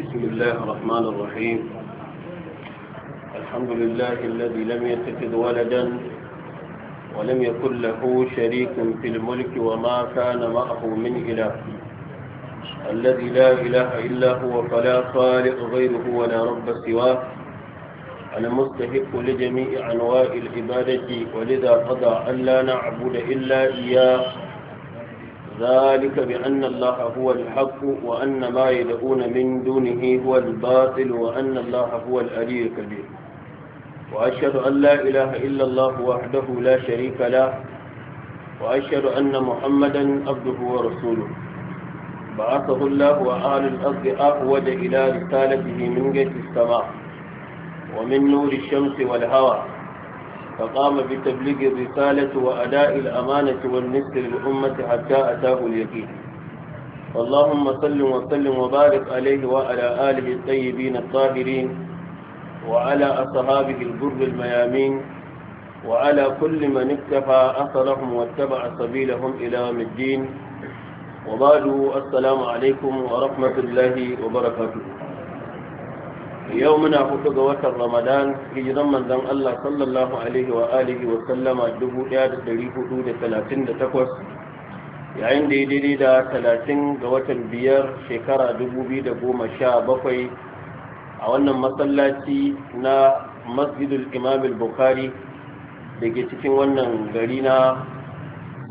بسم الله الرحمن الرحيم الحمد لله الذي لم يتخذ ولدا ولم يكن له شريك في الملك وما كان معه من إله الذي لا إله إلا هو فلا خالق غيره ولا رب سواه أنا مستحق لجميع أنواع العبادة ولذا قضى أن لا نعبد إلا إياه ذلك بأن الله هو الحق وأن ما يدعون من دونه هو الباطل وأن الله هو الألي الكبير وأشهد أن لا إله إلا الله وحده لا شريك له وأشهد أن محمدا عبده ورسوله بعثه الله وآل الأرض أهود إلى رسالته من جهة السماء ومن نور الشمس والهواء فقام بتبليغ الرسالة وأداء الأمانة والنسك للأمة حتى أتاه اليقين اللهم صل وسلم وبارك عليه وعلى آله الطيبين الطاهرين وعلى أصحابه البر الميامين وعلى كل من اكتفى أثرهم واتبع سبيلهم إلى الدين وبعده السلام عليكم ورحمة الله وبركاته yau muna hudu ga watan ramadan hijiran manzon Allah sallallahu alaihi wa alihi wa sallama 1438 yayin da ya daidai da 30 ga watan biyar shekara 2017 a wannan masallaci na masjidul imam al-bukhari da ke cikin wannan gari na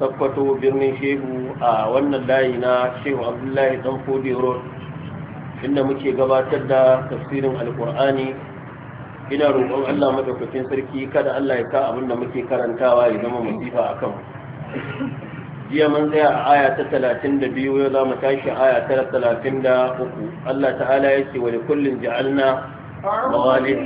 sakkwato birnin shehu a wannan layi na shehu abdullahi dan road inda muke gabatar da tafsirin alkur'ani ina roƙon Allah madaukakin sarki kada Allah ya ka abin da muke karantawa ya zama masifa a kan jiya mun tsaya a aya ta talatin da biyu yau za mu tashi aya ta talatin da uku Allah ta'ala ya ce wa da kullum ja'alna mawalid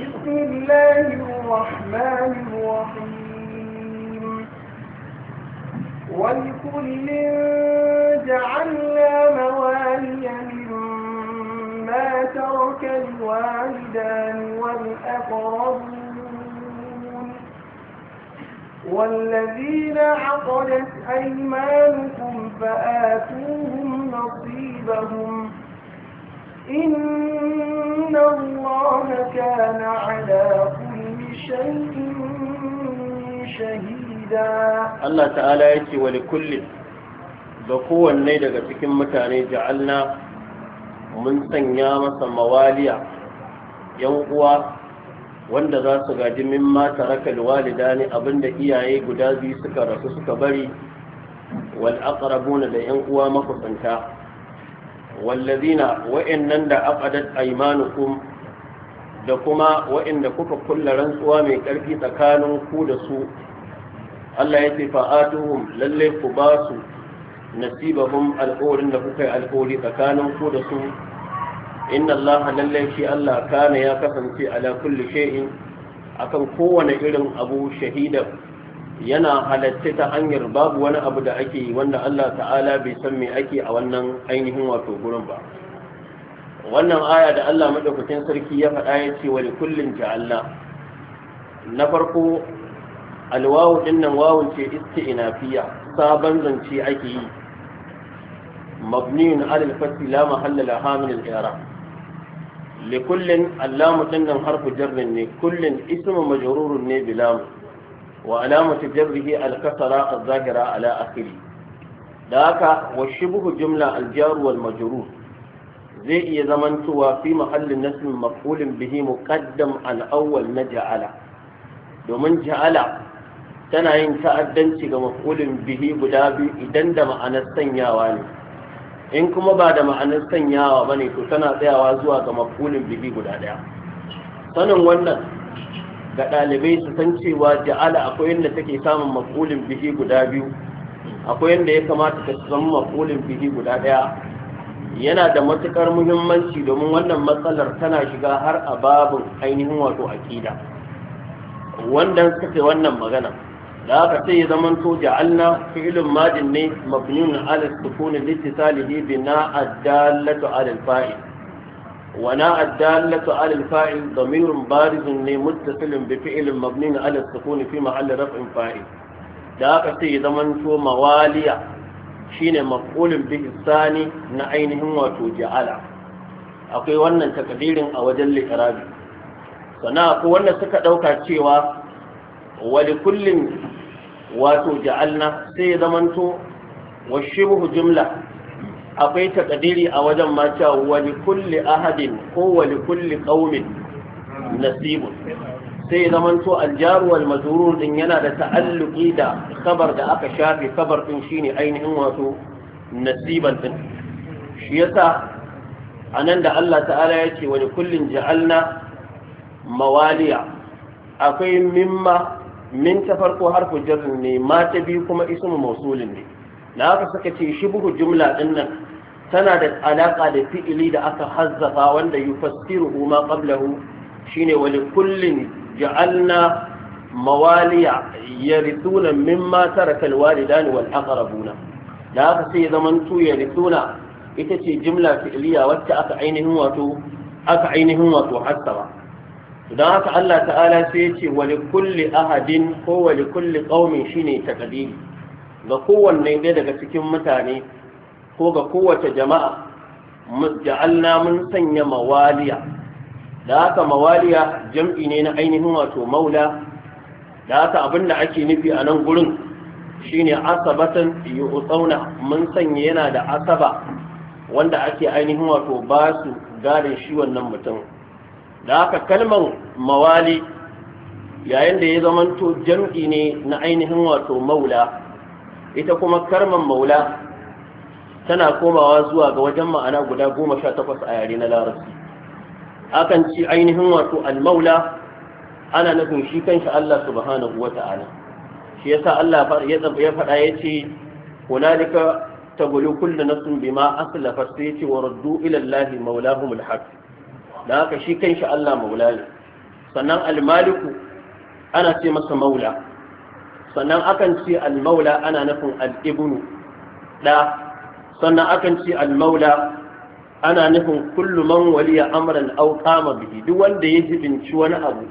بسم الله الرحمن الرحيم ولكل جعلنا موالي مما ترك الوالدان والأقربون والذين عقدت أيمانكم فآتوهم نصيبهم إن الله كان على كل شيء شهيد Allah ta'ala yake ce wani kullum ga kowanne daga cikin mutane ja'alna mun sanya masa mawaliya yan uwa wanda za su gaji min mimma taraka alwalida ne abinda iyaye guda biyu suka rasu suka bari wal aqrabuna da yan uwa makusanta wallazina wa'annan da aqadat aymanukum da kuma wa'anda kuka kullaran tsuwa mai karfi tsakanin ku da su Allah ya ce fa'atuhum lalle ku ba su nasibahum alƙawarin da kuka yi alƙawari tsakanin ku da su inna Allah lalle shi Allah kana ya kasance ala kulli shay'in akan kowane irin abu shahida yana halatta ta hanyar babu wani abu da ake yi wanda Allah ta'ala bai san me ake a wannan ainihin wato gurin ba wannan aya da Allah madaukakin sarki ya faɗa ya ce wa kullin ja'alna na farko alwawu dinnan wawun ce inafiya. sabon zance ake yi mabniyun alal fathi la mahalla laha min al Alamu li kullin harfu jarrin ne kullin ismu majrurun ne bilamu. wa alamatu jarrihi al-kasra zahira ala akhiri da haka wa shibhu jumla al-jar zai iya zamantowa fi mahallin nasbin maf'ulin bihi muƙaddam al-awwal na ja'ala domin ja'ala tana yin ta'addanci ga maf'ulin bihi guda biyu idan da ma'anar sanyawa ne in kuma ba da ma'anar sanyawa ba ne to tana tsayawa zuwa ga maf'ulin bihi guda ɗaya sanin wannan ga ɗalibai su san cewa ja'ala akwai yadda take samun maf'ulin bihi guda biyu akwai yadda ya kamata ka san maf'ulin bihi guda ɗaya yana da matuƙar muhimmanci domin wannan matsalar tana shiga har a babin ainihin wato aƙida wanda suka wannan magana da aka ce ya zaman to ja'alna fi'lun madin ne mabniun ala sukun litisalihi bi na addallatu ala fa'il wa na addallatu ala fa'il damirun barizun ne muttasilun bi fi'lin mabniun ala sukun fi mahalli raf'in fa'il da aka ce ya zaman to mawaliya shine maf'ulun bihi sani na ainihin wato ja'ala akwai wannan takadirin a wajen li'irabi sana ko wanda suka dauka cewa wali kullum wato ja'alna sai ya zamanto washibhu jumla akwai takadiri a wajen ma cewa wali kulli ahadin ko wali kulli qaumin nasibu sai ya zamanto aljar wal ɗin din yana da ta'alluqi da khabar da aka shafe khabar din shine ainihin wato nasiban din shi yasa anan da Allah ta'ala ya ce wani kullin ja'alna mawaliya akwai mimma min ta farko harfu jar ne ma ta biyu kuma ismu mausulin ne da haka suka ce buhu jumla din nan tana da alaka da fi'ili da aka hazzafa wanda yufassiruhu ma qablahu shine wa kullin ja'alna mawaliya yarithuna mimma taraka alwalidan wal aqrabuna da haka sai zaman tu yarithuna ita ce jumla fi'iliya wacce aka ainihin wato aka ainihin wato hasaba don haka Allah ta'ala sai ya ce wani kulli ahadin ko wani kulli ƙaumin shine takadiri ga kowanne ɗaya daga cikin mutane ko ga kowace jama'a ja'alna mun sanya mawaliya da haka mawaliya jam'i ne na ainihin wato maula da haka abin da ake nufi a nan gurin shine asabatan yu'tsauna mun sanya yana da asaba wanda ake ainihin wato ba su gadin shi wannan mutum da haka kalman mawali yayin da ya zamanto jam'i ne na ainihin wato maula ita kuma kalmar maula tana komawa zuwa ga wajen ma'ana guda goma sha takwas a yare na larabci akan ci ainihin wato almaula ana nufin shi kanshi Allah subhanahu wa ta'ala shi yasa Allah ya faɗa ya ce hunalika tabulu kullu nafsin bima aslafat sai ya ce wa raddu ilallahi Allah maulahumul da haka shi kanshi Allah maula ne sannan almaliku ana ce masa maula sannan akan ce almaula ana nufin al'ibnu da sannan akan ce almaula ana nufin kullu waliya amran aw qama duk wanda ya jibinci wani abu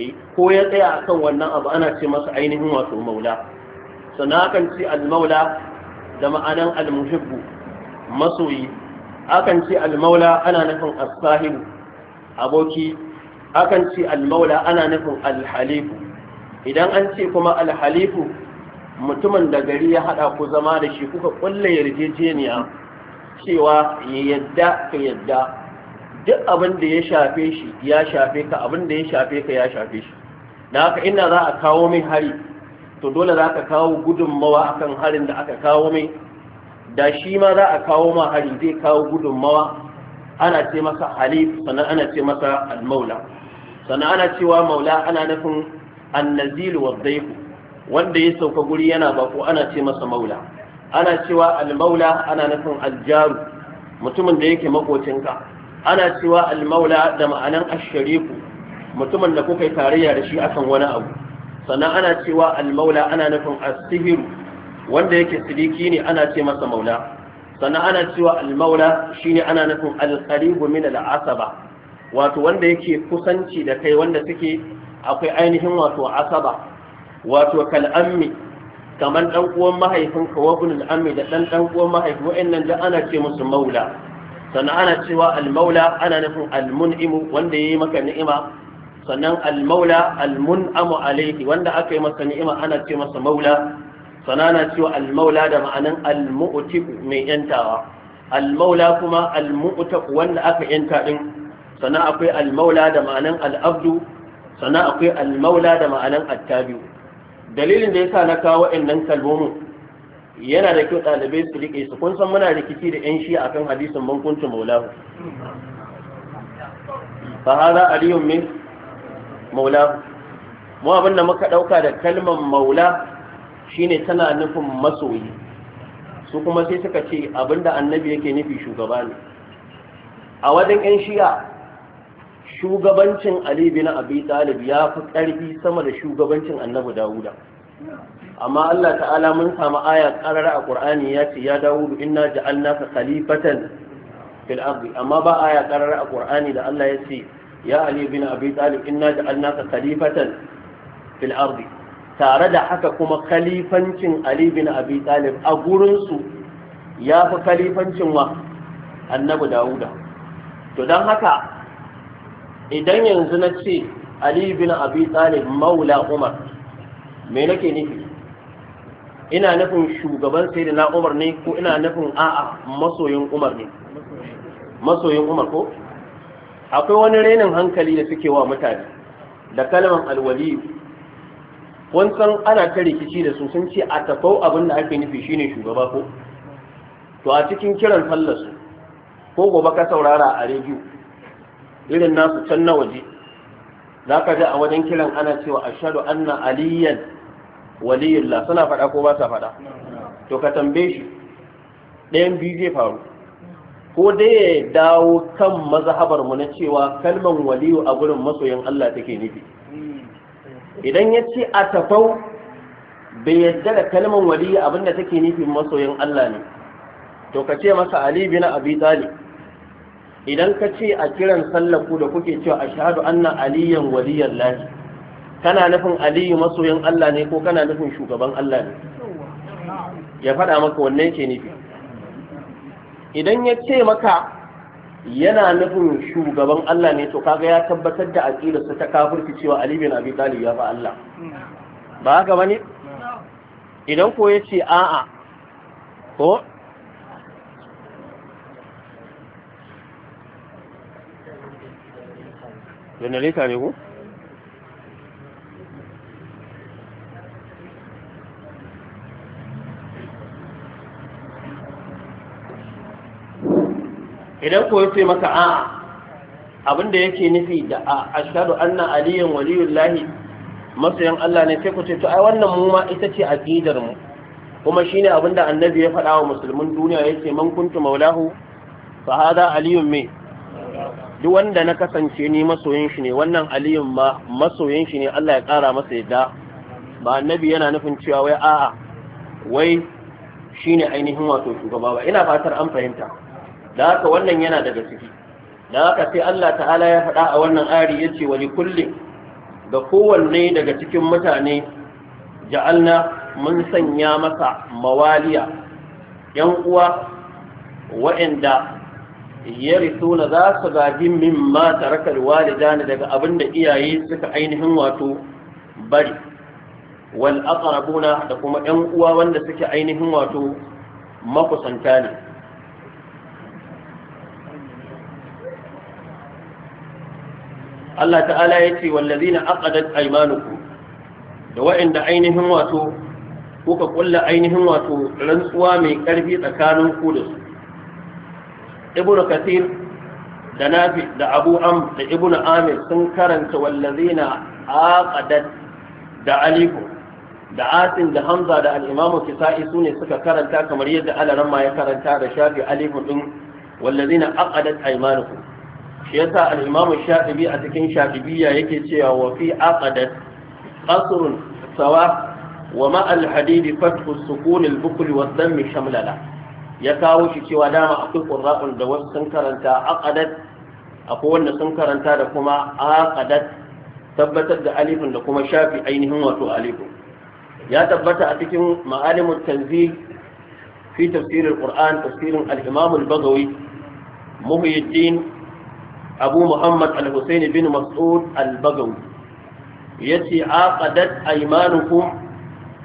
eh, ko ya tsaya akan wannan abu ana ce masa ainihin wato maula sannan akan ce almaula da ma'anan almuhibbu masoyi akan ce almaula ana nufin Asahibu. aboki akan ce almaula ana nufin alhalifu idan an ce kuma alhalifu mutumin da gari ya haɗa ku zama da shi kuka ƙulla yarjejeniya cewa ya yadda ka yadda duk abin da ya shafe shi ya shafe ka abin da ya shafe ka ya shafe shi da haka ina za a kawo mai hari to dole za ka kawo gudunmawa akan harin da aka kawo mai da shi ma za a kawo ma hari zai kawo gudunmawa ana ce masa halif sannan ana ce masa almaula sannan ana cewa maula ana nufin annazil wa dhaifu wanda ya sauka guri yana bako ana ce masa maula ana cewa almaula ana nufin aljaru mutumin da yake makocinka ana cewa almaula da ma'anan ashariku mutumin da kuka yi tarayya da shi akan wani abu sannan ana cewa almaula ana nufin asihiru wanda yake sidiki ne ana ce masa maula sannan ana cewa almaula shine ana nufin alqaribu min al'asaba wato wanda yake kusanci da kai wanda suke akwai ainihin wato asaba wato kal'ammi kamar dan uwan mahaifinka wa ibn al'ammi da dan dan uwan mahaifi wa'annan da ana ce musu maula sannan ana cewa almaula ana nufin almun'imu wanda yayi maka ni'ima sannan almaula almun'amu alayhi wanda aka yi masa ni'ima ana ce masa maula sanana cewa almaula da ma'anin almu'ti mai yantawa almaula kuma almu'ta wanda aka yanta din sannan akwai almaula da ma'anin al'abdu sannan akwai almaula da ma'anin attabi'u dalilin da yasa na kawo wa'annan kalmomin yana da kyau ɗalibai su riƙe su kun san muna rikici da yan shi akan hadisin bankuncin maulahu fa hada aliyun min maulahu mu abin da muka ɗauka da kalmar maula shine tana nufin masoyi su kuma sai suka ce abinda annabi yake nufi shugaba ne a wajen 'yan shi'a shugabancin ali bin abi talib ya fi ƙarfi sama da shugabancin annabi dawuda amma Allah ta'ala mun samu aya karara a Qur'ani ya ce ya Dawudu inna ka khalifatan fil ardi amma ba aya karara a Qur'ani da Allah ya ce ya Ali bin Abi Talib inna ka khalifatan fil ardi tare da haka kuma khalifancin Ali bin Abi Talib a gurinsu ya fi khalifancin wa annabi Dawuda to don haka idan yanzu na ce Ali bin Abi Talib maula Umar me nake nufi ina nufin shugaban sai na Umar ne ko ina nufin a'a masoyin Umar ne masoyin Umar ko akwai wani renin hankali da suke wa mutane da kalmar alwaliyu wancan ana ta rikici da su sun ce a tafau abin da ake nufi shine shugaba ko to a cikin kiran sallarsu ko gobe ka saurara a rediyo irin nasu can na waje za ka ji a wajen kiran ana cewa ashadu anna aliyan waliyullah suna faɗa ko ba su faɗa to ka tambaye shi ɗayan biyu zai faru ko dai ya dawo kan mazhabar na cewa kalman waliyu a gurin masoyin Allah take nufi idan ya ce a tafau bai yadda da kalmar wali abinda take nufin masoyin Allah ne to ka ce masa Ali bin Abi Talib idan ka ce a kiran sallaku da kuke cewa ashhadu anna aliyan waliyan lahi kana nufin aliyu masoyin Allah ne ko kana nufin shugaban Allah ne ya faɗa maka wannan ke nufi idan ya ce maka yana nufin shugaban Allah ne to kaga ya tabbatar da sa ta kafirci cewa Ali bin Abi Talib ya fa Allah ba haka bane idan ko yace a'a ko ne ko idan ko yace maka a'a da yake nufi da a ashadu anna aliyan waliyullahi masoyan Allah ne sai ku ce to ai wannan mu ma ita ce aqidar mu kuma shine da annabi ya faɗa wa musulmin duniya yace man kuntu maulahu fa hada aliyun me duk wanda na kasance ni masoyin shi ne wannan aliyun ma masoyin shi ne Allah ya kara masa yadda ba annabi yana nufin cewa wai a'a wai shine ainihin wato shugaba ba ina fatar an fahimta da haka wannan yana daga ciki da haka sai Allah ta'ala ya faɗa a wannan ari ya ce wani kullum ga kowanne daga cikin mutane ja'alna mun sanya masa mawaliya ‘yan uwa waanda ya risuna za su gaji min ma tarakar walida daga abin da iyaye suka ainihin wato bari wal aqrabuna da kuma ‘yan uwa wanda suke ainihin wato makusanta ne Allah ta'ala ya ce wallazina aqadat aymanukum da wa'inda ainihin wato kuka kulla ainihin wato rantsuwa mai karfi tsakanin ku da su ibnu kathir da nafi da abu am da ibnu amir sun karanta wallazina aqadat da aliku da asin da hamza da al-imamu kisa'i ne suka karanta kamar yadda alaran ma ya karanta da shafi alifun din wallazina aqadat aymanukum shi yasa al-imamu shafi'i a cikin shafi'iyya yake cewa wa fi aqadat qasrun sawa wa ma al-hadid fathu sukun al-bukl wa dhamm shamlala ya kawo shi cewa dama akwai qurra'un da wasu sun karanta aqadat akwai wanda sun karanta da kuma aqadat tabbatar da alifin da kuma shafi ainihin wato alifin ya tabbata a cikin ma'alimin tanzil fi tafsirin qur'an tafsirin al-imam al-bagawi muhyiddin abu muhammad al-husaini bin mas'ud al-bagawi yace aqadat aymanukum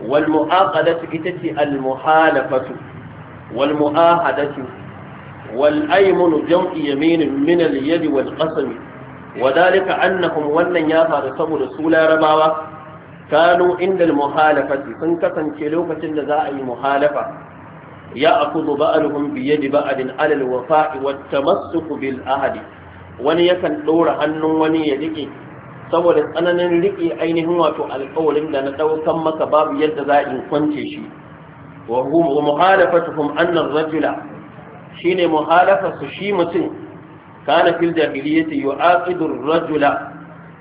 wal muaqadatu itati al muhalafatu wal muahadatu wal aymun jam'u yamin min al yad wal qasam wadhalika annahum wannan ya faru saboda su larabawa kanu inda al sun kasance lokacin da za a yi muhalafa ya akudu ba'aluhum bi yadi ba'd al wafa'i wat tamassuku bil ahadi wani yakan ɗora hannun wani ya riƙe saboda tsananin riƙe ainihin wato alƙawarin da na ɗaukan maka babu yadda za in kwance shi wa muhalafatuhum annar rajula shine muhalafa su shi mutum kana fil jahiliyyati yu'aqidu ar-rajula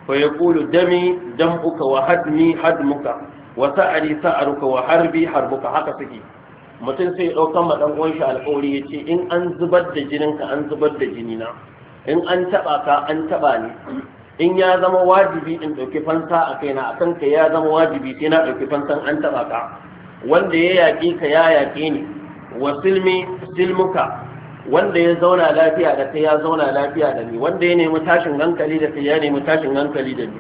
fa yaqulu dami damuka wa hadmi hadmuka wa sa'ari sa'aruka wa harbi harbuka haka suke mutum sai ɗaukan ma ɗan uwan shi alƙawari ya ce in an zubar da jininka an zubar da jinina in an taɓa ka an taɓa ni in ya zama wajibi in ɗauki fansa a kaina a kanka ya zama wajibi sai na ɗauki fansan an taɓa ka wanda ya yaƙe ka ya yaƙe ni wa silmi silmuka wanda ya zauna lafiya da kai ya zauna lafiya da ni wanda ya nemi tashin hankali da kai ya nemi tashin hankali da ni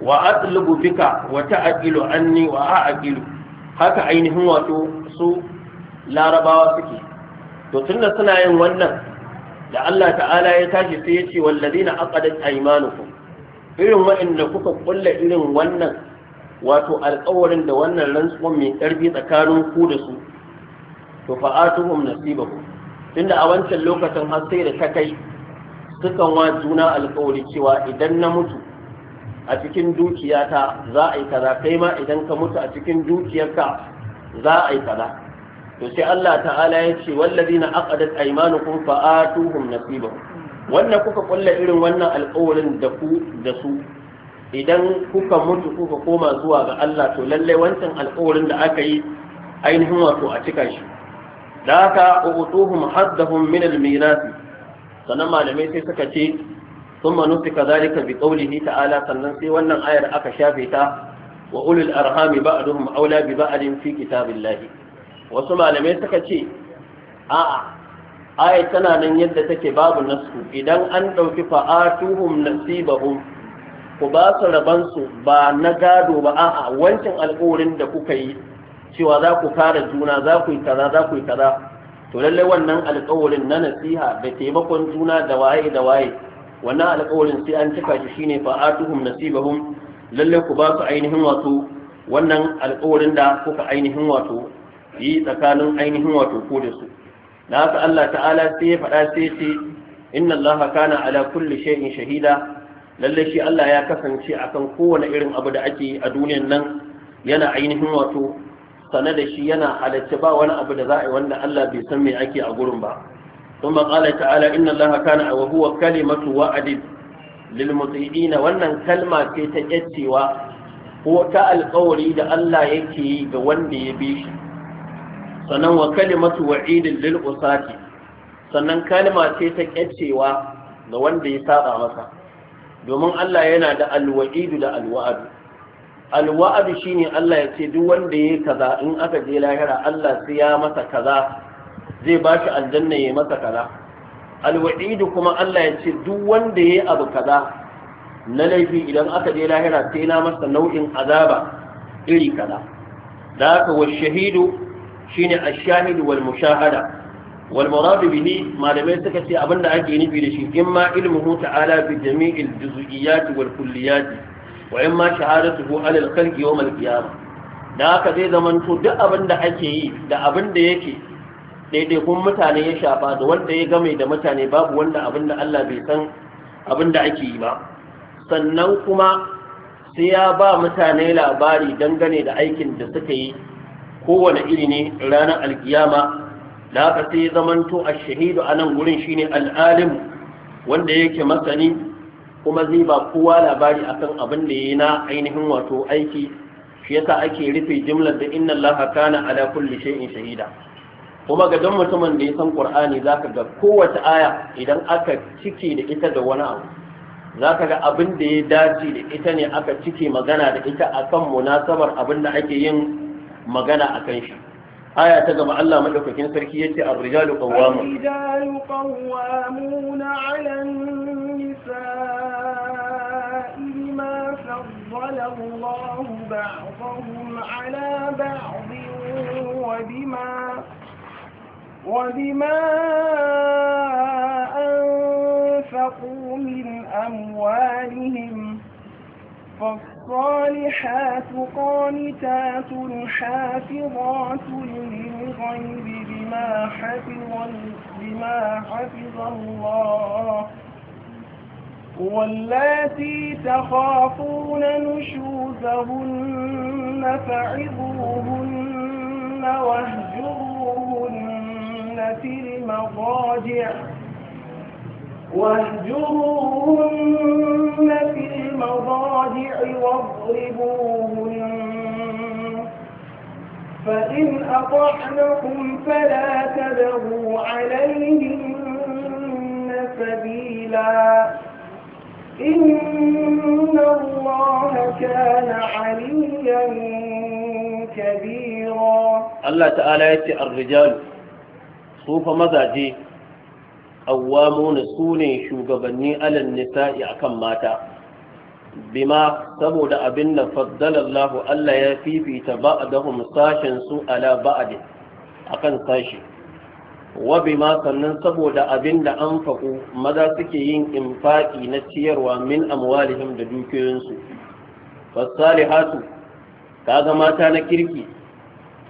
wa atlubu bika wa ta'qilu anni wa a'qilu haka ainihin wato su larabawa suke to tunda suna yin wannan da Allah ta'ala ya tashi sai ya ce wallazina aqadat aymanukum irin wa'anda kuka ƙulla irin wannan wato alƙawarin da wannan rantsuwan mai ƙarfi tsakanin ku da su to fa'atuhum nasibakum tunda a wancan lokacin har sai da ta kai sukan wa juna alƙawari cewa idan na mutu a cikin dukiyata za a yi kaza kai ma idan ka mutu a cikin dukiyarka za a yi kaza to sai Allah ta'ala ya ce wallazina aqadat aymanukum fa'atuhum nasibahum wannan kuka kulla irin wannan alƙawarin da ku da su idan kuka mutu kuka koma zuwa ga Allah to lallai wancan alƙawarin da aka yi ainihin wato a cika shi da haka utuhum haddahum min al sanan malamai sai suka ce ثم نسك ذلك بقوله تعالى sannan sai wannan ayar aka shafe ta wa ulul arhami ba'duhum aula bi ba'din fi kitabillahi wasu malamai suka ce a'a aya tana nan yadda take babu nasu idan an ɗauki fa'atuhum nasibahum ku ba su rabansu ba na gado ba a'a wancan alƙawarin da kuka yi cewa za ku fara juna za ku yi kaza za ku yi kaza to lallai wannan alƙawarin na nasiha da taimakon juna da waye da waye wannan alƙawarin sai an cika shi shine fa'atuhum nasibahum lallai ku ba su ainihin wato wannan alƙawarin da kuka ainihin wato yi tsakanin ainihin wato ko da su da haka Allah ta'ala sai ya faɗa sai ce inna Allah kana ala kulli shay'in shahida lalle shi Allah ya kasance akan kowane irin abu da ake a duniyar nan yana ainihin wato sana da shi yana halarci ba wani abu da za a yi wanda Allah bai san me ake a gurin ba ثم قال تعالى إن الله كان وهو كلمة وعد للمطيعين wannan kalma ce ta yaccewa ko ta alƙawari da Allah yake yi ga wanda ya bi shi sannan wa kalimatu wa'idin lil usati sannan kalma ce ta kyacewa ga wanda ya saba masa domin Allah yana da alwa'idu da alwa'adu alwa'adu shine Allah ya ce duk wanda ya kaza in aka je lahira Allah sai ya masa kaza zai ba shi aljanna ya masa kaza alwa'idu kuma Allah ya ce duk wanda ya abu kaza na laifi idan aka je lahira sai na masa nau'in azaba iri kaza da haka wa shahidu shine ash-shahid wal mushahada wal murad bihi malamai suka ce abinda ake nufi da shi imma ilmuhu ta'ala bi jami'il juziyyati wal kulliyat wa imma shahadatuhu ala al-khalqi yawm al-qiyamah da haka zai zamanto duk abinda ake yi da abinda yake kun mutane ya shafa da wanda ya game da mutane babu wanda abinda Allah bai san abinda ake yi ba sannan kuma sai ya ba mutane labari dangane da aikin da suka yi kowane iri ne ranar alkiyama da haka sai zamanto a shahidu a nan gurin ne al'alim wanda yake masani kuma zai ba kowa labari akan abin da ya yi na ainihin wato aiki shi yasa ake rufe jimlar da inna Allah kana ala kulli shay'in shahida kuma ga don mutumin da ya san Qur'ani zaka ga kowace aya idan aka cike da ita da wani abu zaka ga abin da ya dace da ita ne aka cike magana da ita a akan munasabar abin da ake yin مجانا أكنشي آية تجمع الله ملك كن سركية الرجال قوامون الرجال قوامون على النساء بما فضل الله بعضهم على بعض وبما وبما أنفقوا من أموالهم فالصالحات قانتات حافظات للغيب بما حفظ, بما حفظ الله واللاتي تخافون نشوزهن فعظوهن واهجروهن في المضاجع واهجروهن في المضاجع واضربوهن فإن أطعنكم فلا تبغوا عليهن سبيلا إن الله كان عليا كبيرا الله تعالى يتي الرجال صوف مزاجي su sune shugabanni alal nisa'i akan mata bima saboda abin da faddalallahu Allah ya fifita ba'dahum sashin su ala ba'd akan sashi wa bima sannan saboda abin da an faku maza suke yin infaki na ciyarwa min amwalihim da dukiyoyinsu fasalihatu kaga mata na kirki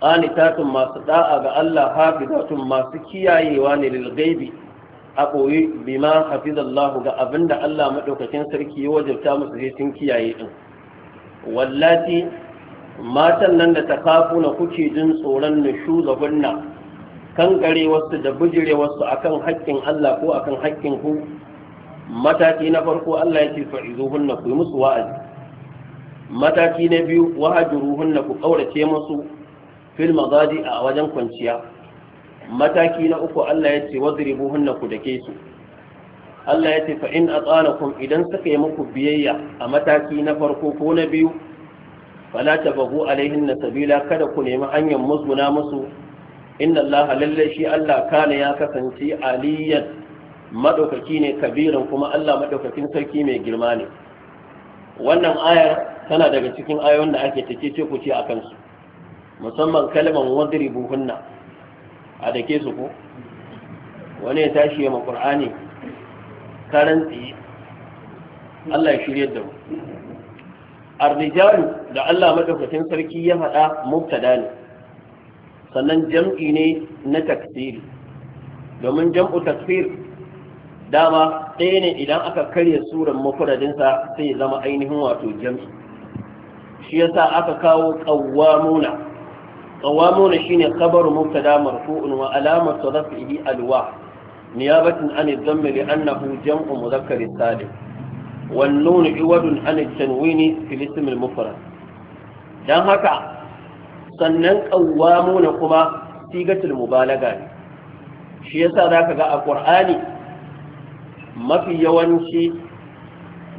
qanitatun masu da'a ga Allah hafizatun masu kiyayewa ne lil ghaibi a ɓoye bima hafizallahu ga abin da Allah maɗaukakin sarki ya wajabta musu sai tun kiyaye ɗin wallati matan nan da ta kafu na kuke jin tsoron na shugabunna kan gare wasu da bijire wasu akan haƙƙin Allah ko akan haƙƙin ku mataki na farko Allah ya ce fa'izuhunna ku yi musu wa'azi mataki na biyu wahajuruhunna ku kaurace musu fil magadi a wajen kwanciya mataki na uku Allah ya ce wadribu hunna ku dake su Allah ya ce fa in atanakum idan suka yi muku biyayya a mataki na farko ko na biyu fala tabahu alaihin sabila kada ku nemi hanyar musguna musu inna Allah lalle shi Allah kana ya kasance aliyan madaukaki ne kabirin kuma Allah madaukakin sarki mai girma ne wannan Aya tana daga cikin ayoyin da ake take ce ku ce akan su musamman kalmar wadribu hunna a da ke su ko wani ya tashi ya makur'ani karan tsaye Allah ya shirya da mu da Allah madaukakin sarki ya faɗa mubtada ne sannan jam'i ne na taksiri. domin jam'u takfir dama ɗaya ne idan aka karya suran mafuradinsa sai ya zama ainihin wato jam'i shi yasa aka kawo qawwamuna qawamuna shine khabaru mubtada marfu'un wa alamatu raf'ihi alwa niyabatan an ad-dammi li annahu jam'u mudhakkar salim wan nun iwadun an at-tanwin fi ism al-mufrad dan haka sannan qawamuna kuma sigatul mubalaga ne shi yasa zaka ga a qur'ani mafi yawanci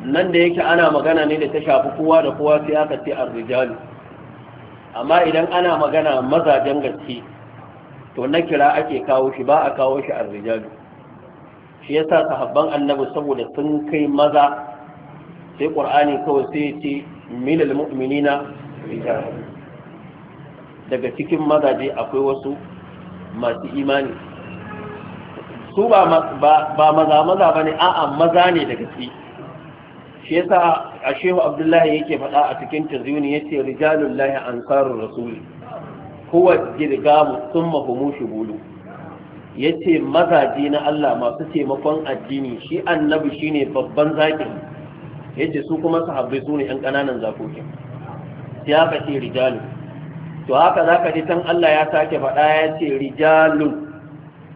nan da yake ana magana ne da ta shafi kowa da kowa sai aka ci ar-rijalu amma idan ana magana mazajen gaske to na kira ake kawo shi ba a kawo shi a rijalu. shi yasa sahabban annabi saboda sun kai maza sai qur'ani kawai sai ce minal mu'minina daga cikin mazaje akwai wasu masu imani su ba maza maza bane a'a maza ne daga ciki shi yasa a shehu abdullahi yake faɗa a cikin tazuni yace rijalul lahi ansarur rasul huwa girgamu thumma humu Ya ce mazaji na Allah masu taimakon addini shi annabi ne babban Ya ce su kuma sahabbai su ne ƴan ƙananan zakokin. sai aka ce to haka zaka ji tan Allah ya sake faɗa ya ce rijalun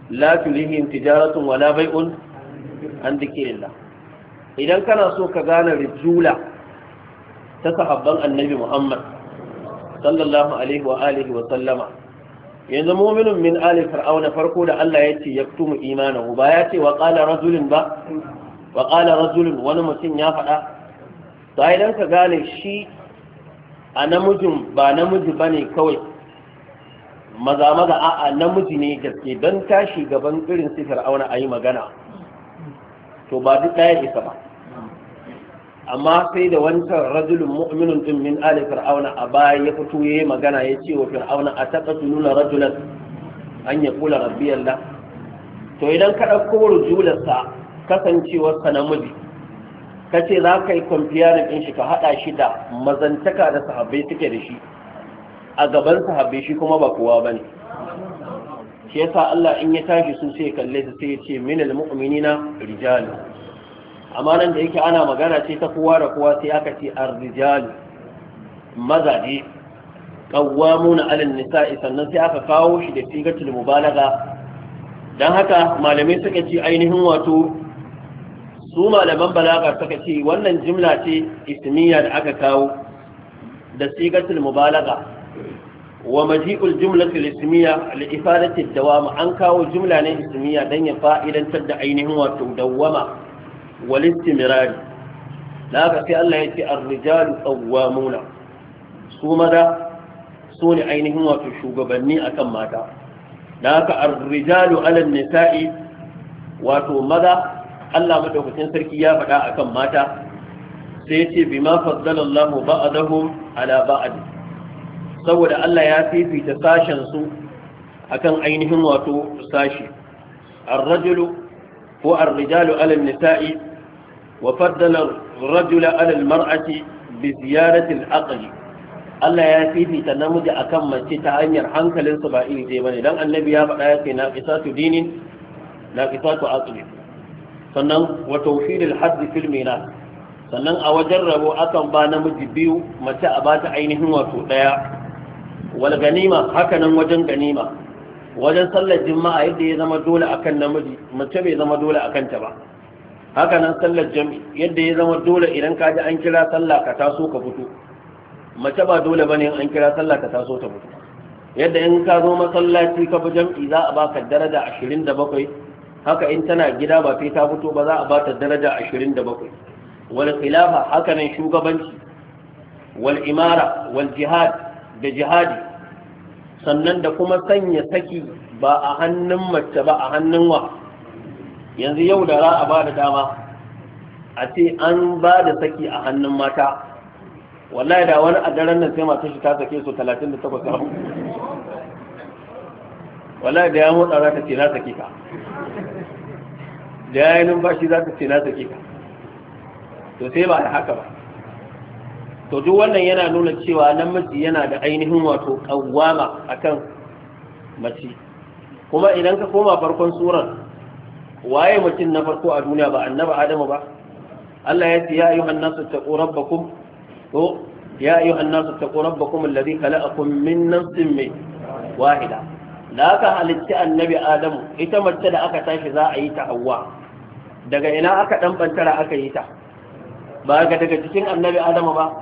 la tulihim tijaratun wala bai'un an dhikrillah idan kana so ka gane rijula ta sahabban annabi muhammad sallallahu alaihi wa alihi wa sallama yanzu mu'minun min ali fir'auna farko da Allah ya ce yaktumu imanahu ba ya ce wa qala rajulun ba wa qala rajulun wani mutum ya faɗa to idan ka gane shi a namijin ba namiji bane kawai maza maza a'a namiji ne gaske don tashi gaban irin su fir'auna a yi magana to ba duk ɗaya isa ba amma sai da wancan rajulun mu'minun din min ali fir'auna a baya ya fito ya yi magana ya ce wa fir'auna a nuna rajulan an kula rabbi da to idan ka dauko rujularsa kasancewar sa namiji ce za ka yi kwamfiyarin din shi ka haɗa shi da mazantaka da sahabbai suke da shi a gaban sahabbai shi kuma ba kowa ba ne shi yasa Allah in ya tashi sun sai kalle su sai ya ce minal mu'minina rijalun amma nan da yake ana magana ce ta kowa da kowa sai aka ce ar-rijal mazaje qawwamuna 'ala nisai sannan sai aka kawo shi da sigatul mubalaga. dan haka malamai suka ce ainihin wato su malaman balaga suka ce wannan jimla ce ismiya da aka kawo da sigatul mubalaga. wa maji'ul jumlatul ismiya li ifadati dawama an kawo jumla ne ismiya dan ya fa'idantar da ainihin wato dawama walistimirari da haka fi Allah ya ce arrijalu qawwamuna su maza su ne ainihin wato shugabanni a kan mata da haka arrijalu ala nisa'i wato maza Allah madaukakin sarki ya faɗa a kan mata sai ya ce bima faddala Allah ba'dahum ala ba'd saboda Allah ya fifita sashen su kan ainihin wato sashi Arrajalu ko الرجال على النساء وفضل الرجل على المرأة بزيارة العقل Allah ya fifita namiji akan mace ta hanyar hankalinsu ba iri je bane dan annabi ya faɗa yake na qisatu dinin na qisatu aqli sannan wa tawfil al hadd fil miras sannan a wajen rabo akan ba namiji biyu mace a ba ta ainihin wato daya wal ganima haka nan wajen ganima wajen sallar juma'a yadda ya zama dole akan namiji mace bai zama dole akan ta ba haka nan sallar jami yadda ya zama dole idan ka ji an kira sallah ka taso ka fito mace ba dole bane an kira sallah ka taso ta fito yadda in ka zo masallaci ka fi jam'i za a baka daraja 27 haka in tana gida ba sai ta fito ba za a bata daraja 27 wal khilafa haka nan shugabanci wal imara wal jihad da jihadi sannan da kuma sanya saki ba a hannun mace ba a hannun wa yanzu yau da za a ba da dama a ce an ba da saki a hannun mata wallahi da wani a daren nan sai masu shi ta sake su 38 wallahi da ya motsa za ta ce na sake ka da ya yi numfashi za ta ce na sake ka to sai ba da haka ba to duk wannan yana nuna cewa namiji yana da ainihin wato kawwama akan mace kuma idan ka koma farkon surar waye mutum na farko a duniya ba annabi adamu ba Allah ya ce ya ayyuhan nasu taqu rabbakum to ya ayyuhan nasu taqu rabbakum alladhi khalaqakum min nafsin wahida da aka halitta annabi adamu ita mace da aka tashi za a yi ta hawa daga ina aka dan bantara aka yi ta ba ga daga cikin annabi adamu ba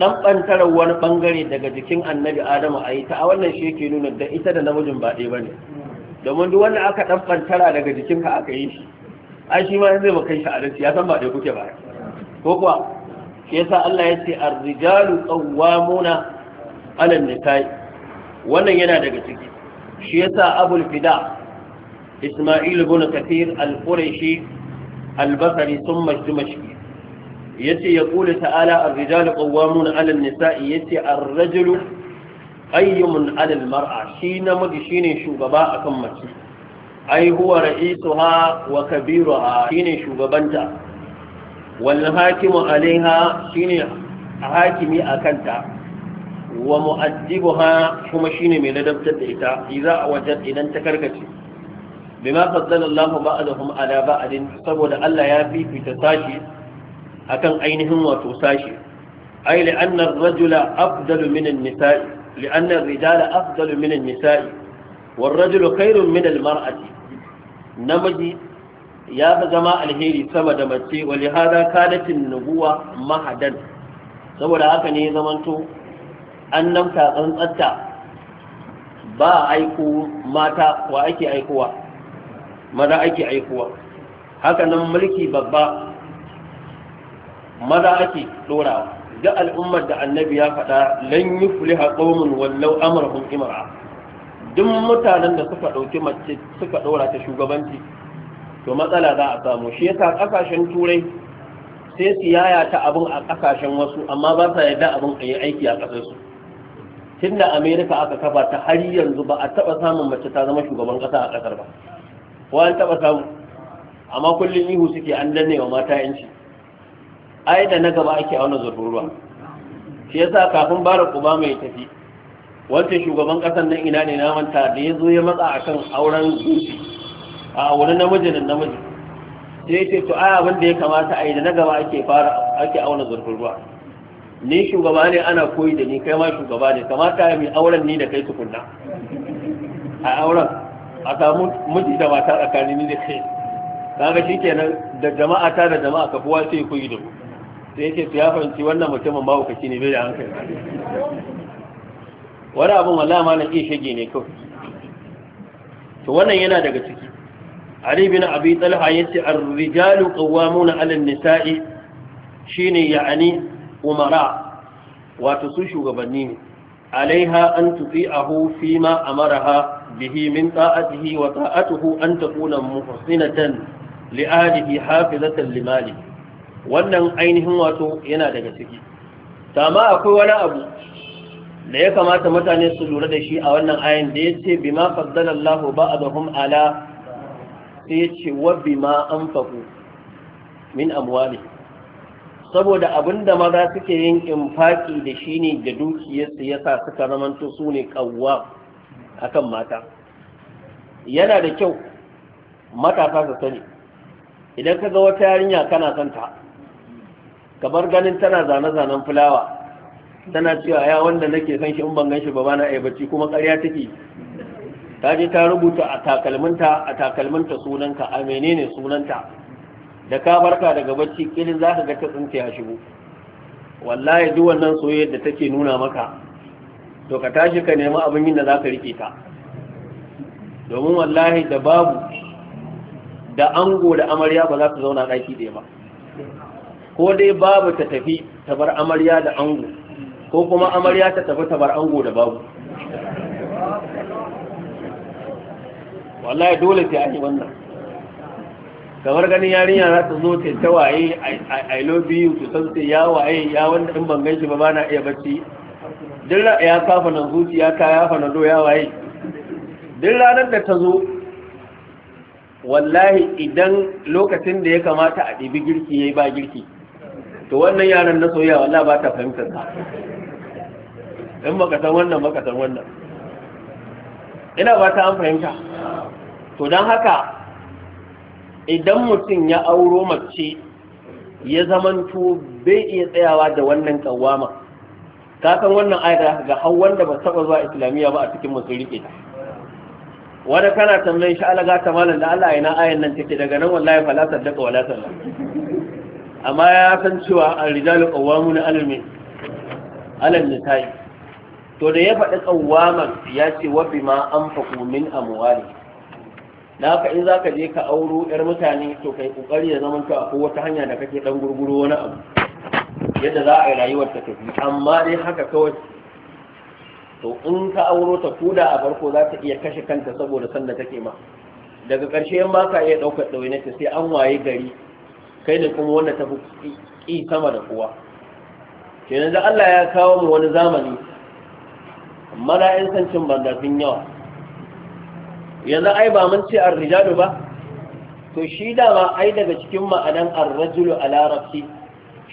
dan bantarar wani bangare daga jikin annabi adamu a yi ta a wannan shi yake nuna da ita da namijin ba ɗaya bane domin duk wanda aka dan fantara daga jikinka aka yi shi ai shi ma zai maka shi adalci ya san ba dai kuke ba ko kuwa shi yasa Allah ya ce ar-rijalu qawwamuna 'ala an-nisa'i wannan yana daga ciki shi yasa Abul Fida Isma'il ibn Kathir al-Qurayshi al-Basri thumma al-Dimashqi yace yaqulu ta'ala ar-rijalu qawwamuna 'ala an-nisa'i yace ar-rajulu qayyimun 'ala al-mar'a shi namiji shine shugaba akan mace ai huwa ra'isuha wa kabiruha shine shugabanta wal hakimu 'alaiha shine hakimi akanta wa mu'addibuha kuma shine mai ladabtar da ita idza wajad idan ta karkace bima faddala Allahu ba'dahum 'ala ba'din saboda Allah ya fifita sashi akan ainihin wato sashi ai la'anna ar-rajula afdalu min an-nisa'i لأن الرجال أفضل من النساء والرجل خير من المرأة نمجي يا زما الهيري سما دمتي ولهذا كانت النبوة مهدا saboda haka ne zamanto an namta tsantsatta ba aiko mata wa ake aikowa maza ake aikowa haka nan mulki babba maza ake ɗorawa. ga al'ummar da annabi ya faɗa lan yi fuli haƙomin wallau amurhun imara duk mutanen da suka ɗauki mace suka ɗora ta shugabanci to matsala za a samu shi yasa ƙasashen turai sai su yaya ta abin a ƙasashen wasu amma ba sa yadda abin a yi aiki a ƙasarsu tun da amerika aka kafa ta har yanzu ba a taɓa samun mace ta zama shugaban ƙasa a ƙasar ba ko an taɓa samu amma kullum ihu suke an danne wa mata yanci ai da na gaba ake auna zurfin shi yasa kafin barak obama mai tafi wancan shugaban kasan nan ina ne na manta da ya zo ya matsa a kan auren zuci a wani namiji da namiji sai ce to ai abin da ya kamata ai da na gaba ake fara ake auna zurfin ruwa ni shugaba ne ana koyi da ni kai ma shugaba ne kamata ya mi auren ni da kai tukunna a auren a samu miji da mata tsakanin ni da kai kaga shikenan da jama'a ta da jama'a kafuwa sai koyi da ku sai ce su ya fahimci wannan mutumin ba uka shine bai hankali wani abin wallah ma na iya shige ne kawai to wannan yana daga ciki Ali bin Abi Talha yace ar-rijalu qawwamuna 'ala an-nisa'i shine ya'ani umara wato su shugabanni ne alaiha an tuti'ahu fima amaraha bihi min ta'atihi wa ta'atuhu an takuna muhsinatan li ahlihi hafizatan li malihi wannan ainihin wato yana daga ciki amma akwai wani abu da ya kamata mutane su lura da shi a wannan ayin da ya ce bi ma faddalallahu zahun ala sai ya ce wa bi ma anfaqu min amwali saboda abinda maza suke yin infaki da shi ne da dukiyarsu yasa suka zamanto su ne kawwa akan mata yana da kyau matasa su sani idan ka ga wata yarinya kana son kamar ganin tana zane-zanen fulawa tana cewa ya wanda nake san shi in ban ganshi ba ba na bacci kuma ƙarya take ta je ta rubuta a takalminta a takalminta sunanka a menene sunanta da ka barka daga bacci kilin za ka ga ta tsinta ya shigo wallahi duk wannan soyayyar da take nuna maka to ka tashi ka nemi abin yin da za ka rike ta domin wallahi da babu da ango da amarya ba za su zauna ɗaki ɗaya ba ko dai babu ta tafi ta bar amarya da ango ko kuma amarya ta tafi ta bar ango da babu wallahi dole sai yi wannan kamar ganin yarinya za ta zo ta ta waye i love you to san ya waye ya wanda in ban ganshi ba bana iya bacci duk ya kafa nan zuciya ka ya fa nan do ya waye duk ranar da ta zo wallahi idan lokacin da ya kamata a ɗibi girki ya yi ba girki to wannan yaran na soyayya wallah ba ta fahimtar ba in baka san wannan baka san wannan ina ba ta an fahimta to don haka idan mutum ya auro mace ya zamanto bai iya tsayawa da wannan kawama ka san wannan ayata ga har wanda ba taba zuwa islamiyya ba a cikin mutum ta wanda kana tambayin shi alaga ta malam da Allah ya na ayan nan take daga nan wallahi fala saddaka wala sallah amma ya san cewa ar-rijalu qawwamuna 'ala min 'ala an-nisa'i to da ya faɗi qawwaman ya ce wa bima anfaqu min amwali na haka in zaka je ka auro yar mutane to kai kokari da zaman ka ko wata hanya da kake dan gurguro wani abu yadda za a yi rayuwar ta tafi amma dai haka kawai to in ka auro ta kuda a farko za ta iya kashe kanta saboda sanda take ma daga ƙarshe in ba ka iya ɗaukar ɗaune sai an waye gari kai ne kuma wanda ta fi ƙi sama da kowa kenan da Allah ya kawo mu wani zamani amma na yan sancin yawa yanzu ai ba mun ce an rijalu ba to shi dama ai daga cikin ma'anan an rajulu a larabci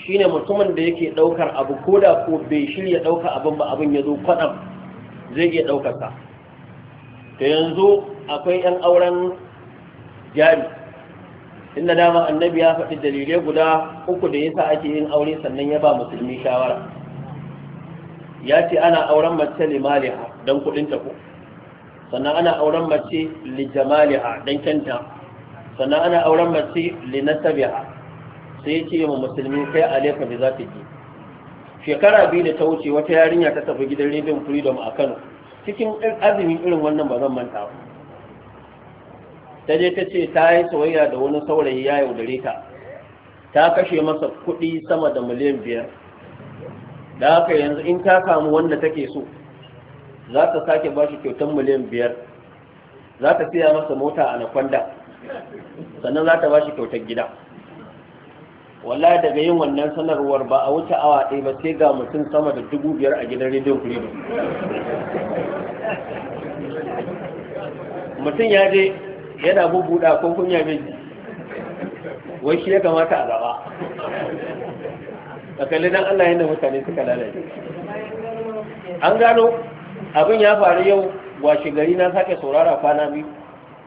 shine mutumin da yake ɗaukar abu ko da ko bai shirya ɗauka abin ba abin ya zo kwadam zai iya ɗaukarsa ta yanzu akwai yan auren jari inda dama annabi ya faɗi dalilai guda uku da yasa ake yin aure sannan ya ba musulmi shawara ya ce ana auren mace limaliha don kuɗin ta ko sannan ana auren mace lijamaliha don kyanta sannan ana auren mace linasabiha sai ce ma musulmi kai alefa da za ta ji shekara biyu da ta wuce wata yarinya ta tafi gidan rediyon freedom a kano cikin azumin irin wannan ba zan manta ba ta je ta ce ta yi soyayya da wani saurayi ya yaudare ta ta kashe masa kuɗi sama da miliyan biyar da haka yanzu in ta kamu wanda take so za ta sake ba shi kyautar miliyan biyar za ta siya masa mota a nakwanda sannan za ta ba shi kyautar gida wallahi daga yin wannan sanarwar ba a wuce awa ɗaya ba sai ga mutum sama da dubu biyar a gidan rediyon kurido mutum ya je yana bubuda ko kunya bai ji wai shi ya kamata a zaba a kalli dan Allah yadda mutane suka lalace an gano abin ya faru yau washe gari na sake saurara kwana biyu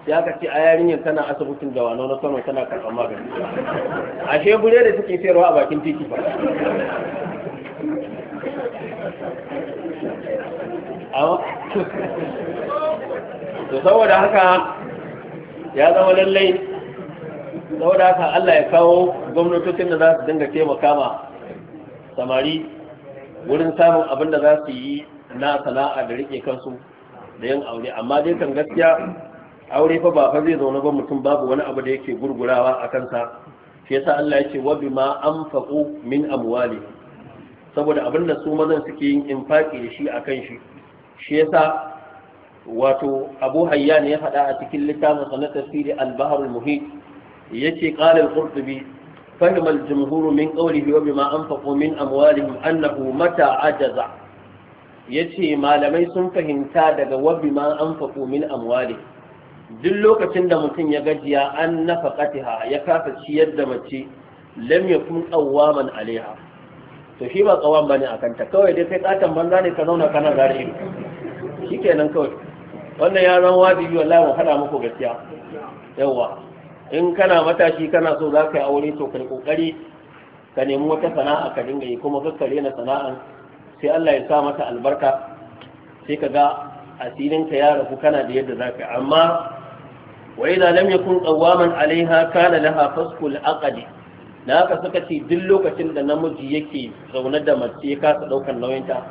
sai aka ce a yarinyar tana asibitin da wano na kano tana karɓar magani ashe bure da suke sayarwa a bakin titi ba to saboda haka ya zama lallai saboda haka Allah ya kawo gwamnatocin da za su dinga taimaka ma samari wurin samun abin da za su yi na sana'a da rike kansu da yin aure amma dai kan gaskiya aure fa ba fa zai zaune ba mutum babu wani abu da yake gurgurawa a kansa shi yasa Allah ya ce wa bima anfaqu min amwali saboda abin da su mazan suke yin infaki da shi akan shi shi yasa wato abu hayyan ya faɗa a cikin littafin sa na tafsiri al-bahr al-muhit yace qala al-qurtubi fahima al-jumhur min qawlihi wa bima anfaqu min amwalihim annahu mata ajaza yace malamai sun fahimta daga wa bima anfaqu min amwalihim duk lokacin da mutum ya gajiya an nafaqatiha ya kasa ciyar da mace lam yakun qawwaman alaiha to shi ba tsawon bane akan ta kawai dai kai katan banza ne ka zauna kana zare shi kenan kawai wannan yaran wajibi wallahi mu faɗa muku gaskiya yawa in kana matashi kana so za ka yi aure to ka kokari ka nemi wata sana'a ka dinga yi kuma kakkare na sana'an sai Allah ya sa mata albarka sai ka ga asirin ka ya rafu kana da yadda za ka amma wa idza lam yakun qawaman alaiha kana laha fasqul aqdi na ka suka ce duk lokacin da namiji yake zaune da mace ya kasa daukar nauyinta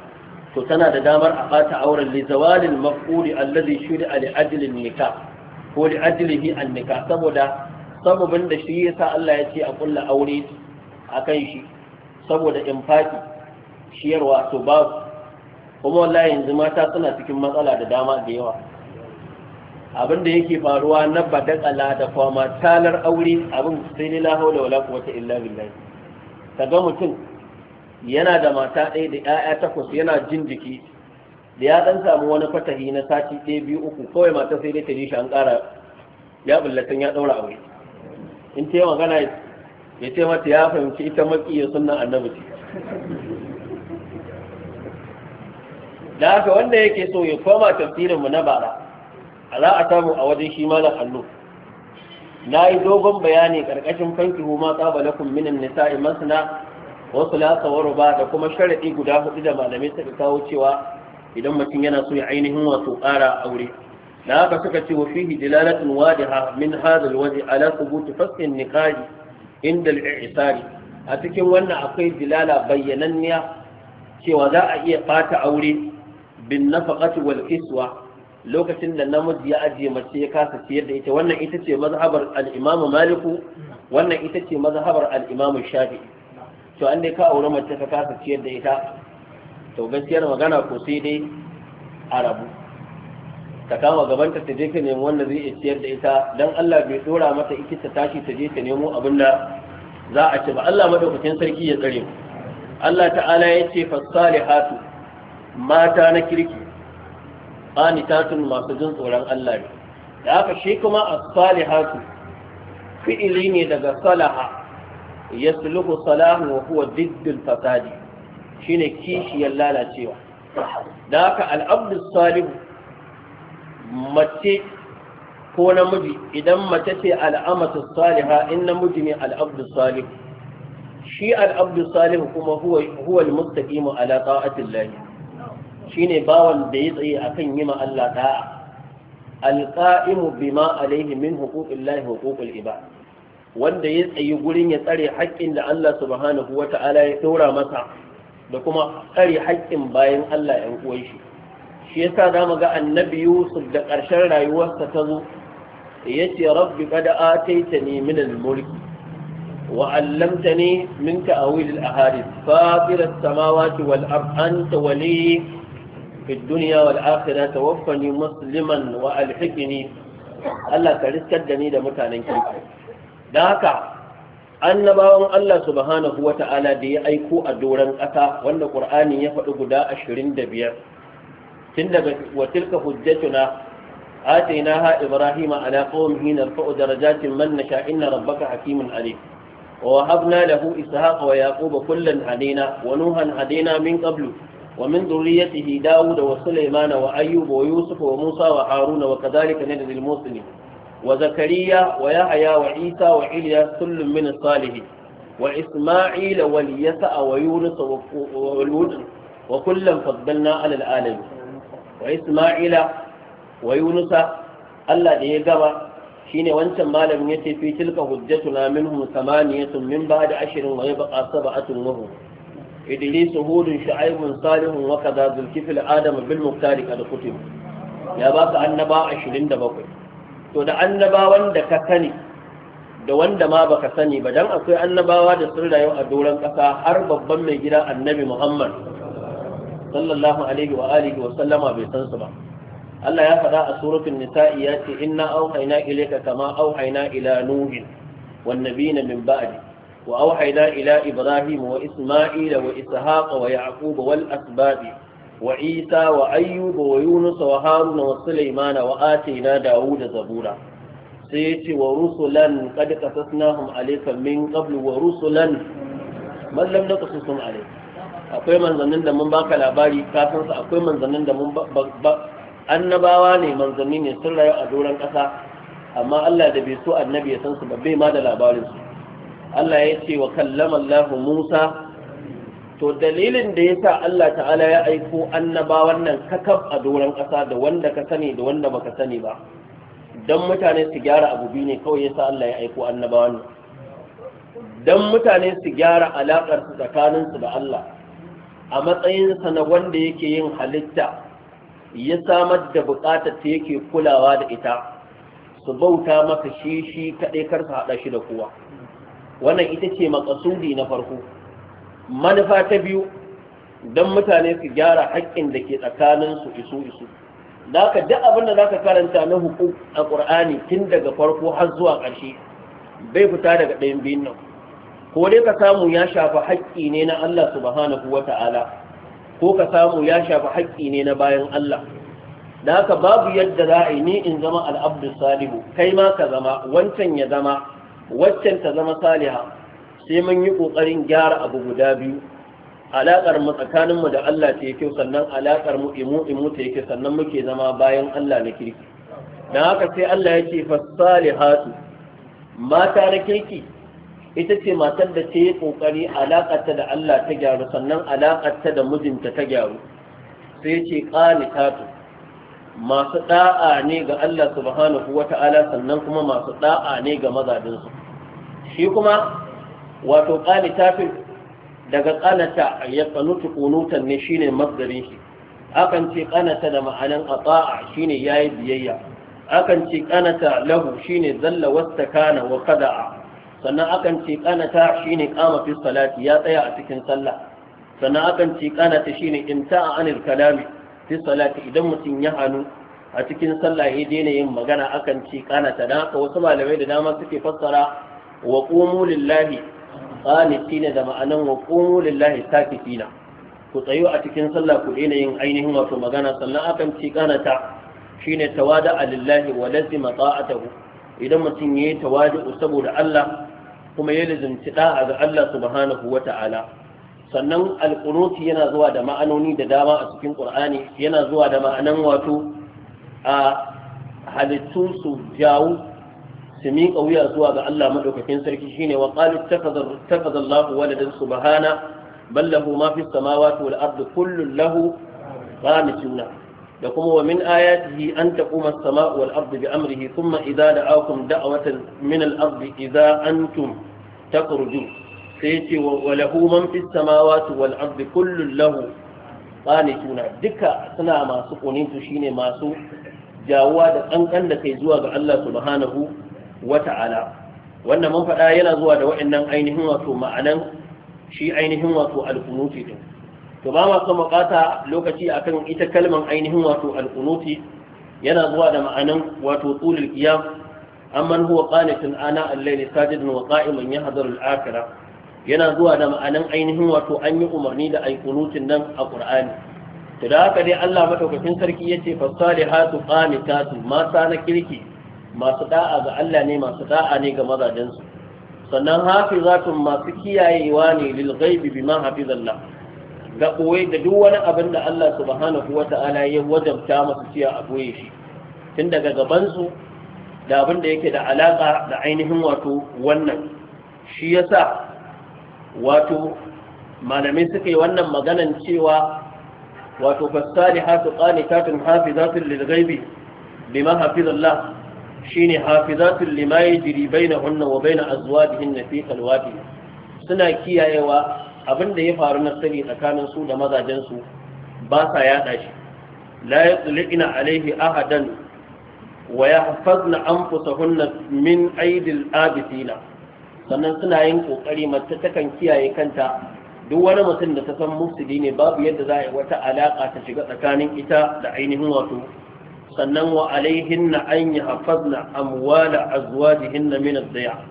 to tana da damar a bata auren li zawalil maf'uli alladhi shuri li ajli nikah ko li an nikah saboda sababin da shi yasa Allah ya ce a kulla aure akan shi saboda infaki shiyarwa to babu kuma wallahi yanzu mata suna cikin matsala da dama da yawa abin da yake faruwa na badakala da kwama talar aure abin sai ni la hawla wala quwwata illa billah kaga mutum yana da mata ɗaya da 'ya'ya takwas yana jin jiki da ya ɗan samu wani fatahi na sati ɗaya biyu uku kawai mata sai dai ta ji shi an ƙara ya bullatan ya ɗaura aure in ta yi magana ya ce mata ya fahimci ita ya sunan annabi ce da haka wanda yake so ya koma tafsirin mu na bara za a samu a wajen shi ma allo na yi dogon bayani ƙarƙashin fankihu ma tsaba lakum minan nisa'i masana wasu lasawar ba da kuma sharaɗi guda hudu da malamai suka kawo cewa idan mutum yana so ya ainihin wato ƙara aure da haka suka ce wa fihi dilalatin wadiha min hadha waje, ala thubuti fasin niqahi inda al-i'sari a cikin wannan akwai dilala bayyananniya cewa za a iya fata aure bin nafaqati wal kiswa lokacin da namiji ya ajiye mace ya kasa ciyar da ita wannan ita ce mazhabar al-imam maliku wannan ita ce mazhabar al-imam shafi'i to an dai ka aure mace ka kasa ciyar da ita to gaskiyar magana ko sai dai a rabu ta kama gabanta ta je ta nemi wanda zai iya ciyar da ita dan Allah bai dora mata ita ta tashi ta je ta nemo abin da za a ci ba Allah madaukakin sarki ya tsare Allah ta'ala ya ce fasalihatu mata na kirki qanitatun masu jin tsoron Allah ne da haka shi kuma as-salihatu fi'ili ne daga salaha Ya yasluhu salahu wa huwa diddul fasadi shine kishiyar lalacewa da haka al'abdu salihu mace ko namiji idan mace ce al'amatu saliha in namiji ne al'abdu salihu shi al'abdu salihu kuma huwa al-mustaqimu ala ta'atillah shine bawan da ya tsaye akan yima Allah ta'a al-qa'imu bima alaihi min huquqillah huquqil ibad wanda ya tsayi gurin ya tsare haƙƙin da Allah subhanahu wa ta'ala ya ɗora masa da kuma tsare haƙƙin bayan Allah ‘yan uwan shi shi yasa za mu ga annabi Yusuf da ƙarshen rayuwarsa ta zo ya ce rabbi kada ataita ne min al-mulki wa 'allamtani min ta'awil a ahadith fatir as-samawati wal ard wali fi dunya wal akhirah tawaffani musliman wa alhiqni Allah ka riskar da ni da mutanen kirki Da haka annabawan Allah subhanahu wa ta'ala da ya aiko a doron ƙasa wanda ƙur'ani ya faɗi guda ashirin da biyar. tun daga watilka hujjatuna ate Ibrahim ha ibrahima ala qawmi hina rfa'u man nasha inna rabbaka hakimun alim wa wahabna lahu wa yaquba kullan hadina wa nuhan hadina min qablu wa min dhurriyyatihi dawud wa sulaymana wa ayyub wa yusuf wa musa wa haruna wa ne da nadil muslimin wa zakariya wa Yahaya wa isa wa ilyas kullum min salihin wa isma'il wa yasa wa yunus wa wa kullum faddalna ala alamin wa isma'ila wa yunus Allah da ya gaba shine wancan malamin yace fi tilka hujjatuna minhum samaniyatun min ba'da ashrin wa yabqa sab'atun wa hum idris hudun shu'aibun salihun wa kadha dhulkifl adam bil muqtari kad kutib ya baka annaba to da annabawan da ka sani da wanda ma baka sani ba dan akwai annabawa da sun rayu a doron ƙasa har babban mai gida annabi Muhammad sallallahu alaihi wa alihi wa sallama bai san su ba Allah ya faɗa a suratul nisa'i ya ce inna auhayna ilayka kama auhayna ila nuhin wan nabiyina min ba'di wa auhayna ila ibrahim wa isma'ila wa ishaqa wa yaquba wal asbabi wa isa wa ayyuba wa yunus wa haruna wa sulaimana wa atina dawuda zabura sai ya ce wa rusulan qad qasasnahum akwai manzannin da mun baka labari kafin su akwai manzannin da mun annabawa ne manzanni ne sun rayu a doron ƙasa amma Allah da bai so annabi ya san su ba bai ma da labarin su Allah ya ce wa kallama Allah Musa to dalilin da ya sa Allah ta'ala ya aiko annabawan nan kakab a doron ƙasa da wanda ka sani da wanda baka sani ba don mutane su gyara abu biyu ne kawai ya sa Allah ya aiko annabawan nan don mutane su gyara alaƙar su tsakaninsu da Allah a matsayinsa na wanda yake yin halitta ya samar da buƙatar ta yake kulawa da ita su bauta maka shi shi kaɗai kar su haɗa shi da kowa wannan ita ce makasudi na farko manufa ta biyu don mutane su gyara haƙƙin da ke tsakaninsu isu isu da ka duk abin da za ka karanta na hukum a ƙur'ani tun daga farko har zuwa ƙarshe bai fita daga ɗayan biyun nan ko dai ka samu ya shafi haƙƙi ne na Allah subhanahu wa ta'ala ko ka samu ya shafi haƙƙi ne na bayan Allah da haka babu yadda za a yi ni in zama al'abdu salihu kai ma ka zama wancan ya zama wancan ta zama saliha sai mun yi ƙoƙarin gyara abu guda biyu alaƙar mu tsakanin mu da Allah ta yake sannan alaƙar mu imu imu ta yake sannan muke zama bayan Allah na kirki dan haka sai Allah yake fasalihatu mata na kirki ita ce matar da ta yi ƙoƙari alaƙarta da Allah ta gyaru sannan alaƙarta da mijinta ta gyaru sai ce ƙalitatu masu ɗa'a ne ga Allah subhanahu wata'ala sannan kuma masu ɗa'a ne ga mazajinsu shi kuma wato qanitatin daga ƙanata ya qanutu qunutan ne shine masdarin shi akan ce ƙanata da ma'anan ata'a shine yayi biyayya akan ce ƙanata lahu shine zalla wastakana wa kada'a. sannan akan ce ƙanata shine ƙama fi salati ya tsaya a cikin sallah sannan akan ce ƙanata shine imta'a anil kalami fi salati idan mutum ya hannu a cikin sallah ya daina yin magana akan ce ƙanata da haka wasu malamai da dama suke fassara wa qumu lillahi qanitina da ma'anan wa qumu lillahi sakitina ku tsayu a cikin sallah ku daina yin ainihin wato magana sannan akan ci kanata shine tawada lillahi wa lazima ta'atahu idan mutum yayi tawadi saboda Allah kuma ya lazimci da'a ga Allah subhanahu wata'ala sannan alqunuti yana zuwa da ma'anoni da dama a cikin qur'ani yana zuwa da ma'anan wato a halittu su jawu su miƙa wuya zuwa ga Allah maɗaukakin sarki shine wa qalu takhadha Allahu waladan subhana bal lahu ma fi samawati wal ardi kullun lahu qanituna da kuma wa min ayatihi an taquma as-sama'u wal ardu bi amrihi thumma idza da'akum da'watan min al-ardi idza antum takruju sai ce wa lahu man fis samawati wal ardi kullun lahu qanituna duka suna masu kunintu shine masu jawuwa da kankan da kai zuwa ga Allah subhanahu Wata ala, wannan man faɗa yana zuwa da wa'annan ainihin wato ma'anan shi ainihin wato alkunuti din to ba ma son bukata lokaci akan ita kalman ainihin wato alkunuti yana zuwa da ma'anan wato tsulul qiyam amman huwa qanitun ana al-layl sajidun wa qa'iman yahdharu al-akhirah yana zuwa da ma'anan ainihin wato an yi umarni da alkunutin nan a Qur'ani to da haka dai Allah madaukakin sarki yace fasalihatu qanitatun mata na kirki masu da'a ga Allah ne masu da'a ne ga mazajensu sannan hafi hafizatun masu kiyayewa ne lil ghaibi bima hafizallah ga boye da duk wani abin da Allah subhanahu wata'ala ya wajabta masu ciya a boye shi tun daga gabansu da abin da yake da alaƙa da ainihin wato wannan shi ya sa wato malamai suka yi wannan maganan cewa wato fasalihatu qanitatun hafizatun lil ghaibi bima hafizallah shine hafizatul lima jiri bainahunna wa bain azwajihinna fi khalwati suna kiyayewa abinda ya faru na sani tsakanin su da mazajen su ba sa yada shi la yutliqina alaihi ahadan wa yahfazna anfusahunna min aidil abithina sannan suna yin kokari mace takan kiyaye kanta duk wani mutum da ta san mufsidi ne babu yadda za a yi wata alaka ta shiga tsakanin ita da ainihin wato sannan wa na an yahfazna amwala azwajihinna na minas daya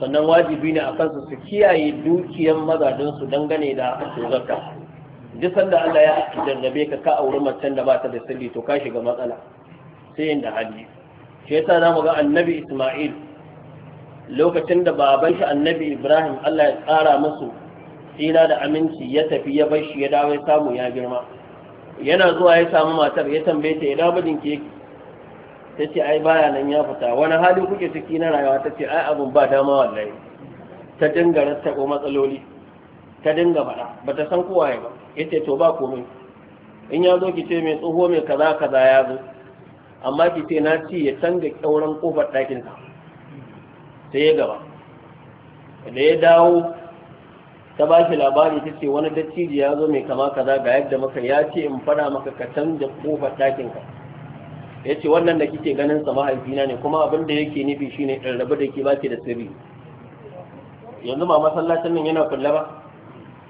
sannan wajibi ne a kansu su kiyaye dukiyar mazajen dangane da zakka duk sanda Allah ya jarrabe ka ka auri macen da ba ta da sirri to ka shiga matsala sai da hali shi yasa zamu ga annabi Isma'il lokacin da baban shi annabi Ibrahim Allah ya tsara musu tsira da aminci ya tafi ya bar shi ya dawo ya samu ya girma yana zuwa ya samu matar ya tambaye ta ina mijin ke ta ce ai baya nan ya fita wani hali kuke ciki na rayuwa ta ce ai abun ba dama wallahi ta dinga rattako matsaloli ta dinga faɗa ba ta san kowa ba ya ce to ba komai in ya zo ki ce mai tsoho mai kaza kaza ya zo amma ki ce na ci ya canza kyauran kofar ɗakinsa sai ya gaba da ya dawo ta ba shi labari ta ce wani dattijo ya zo mai kama kaza ga yadda maka ya ce in fada maka ka canza kofar ɗakin ka ya ce wannan da kike ganin sa mahaifina ne kuma abin da yake nufi shine ɗan rabu da ke ba da sirri yanzu ba masallacin nan yana kulla ba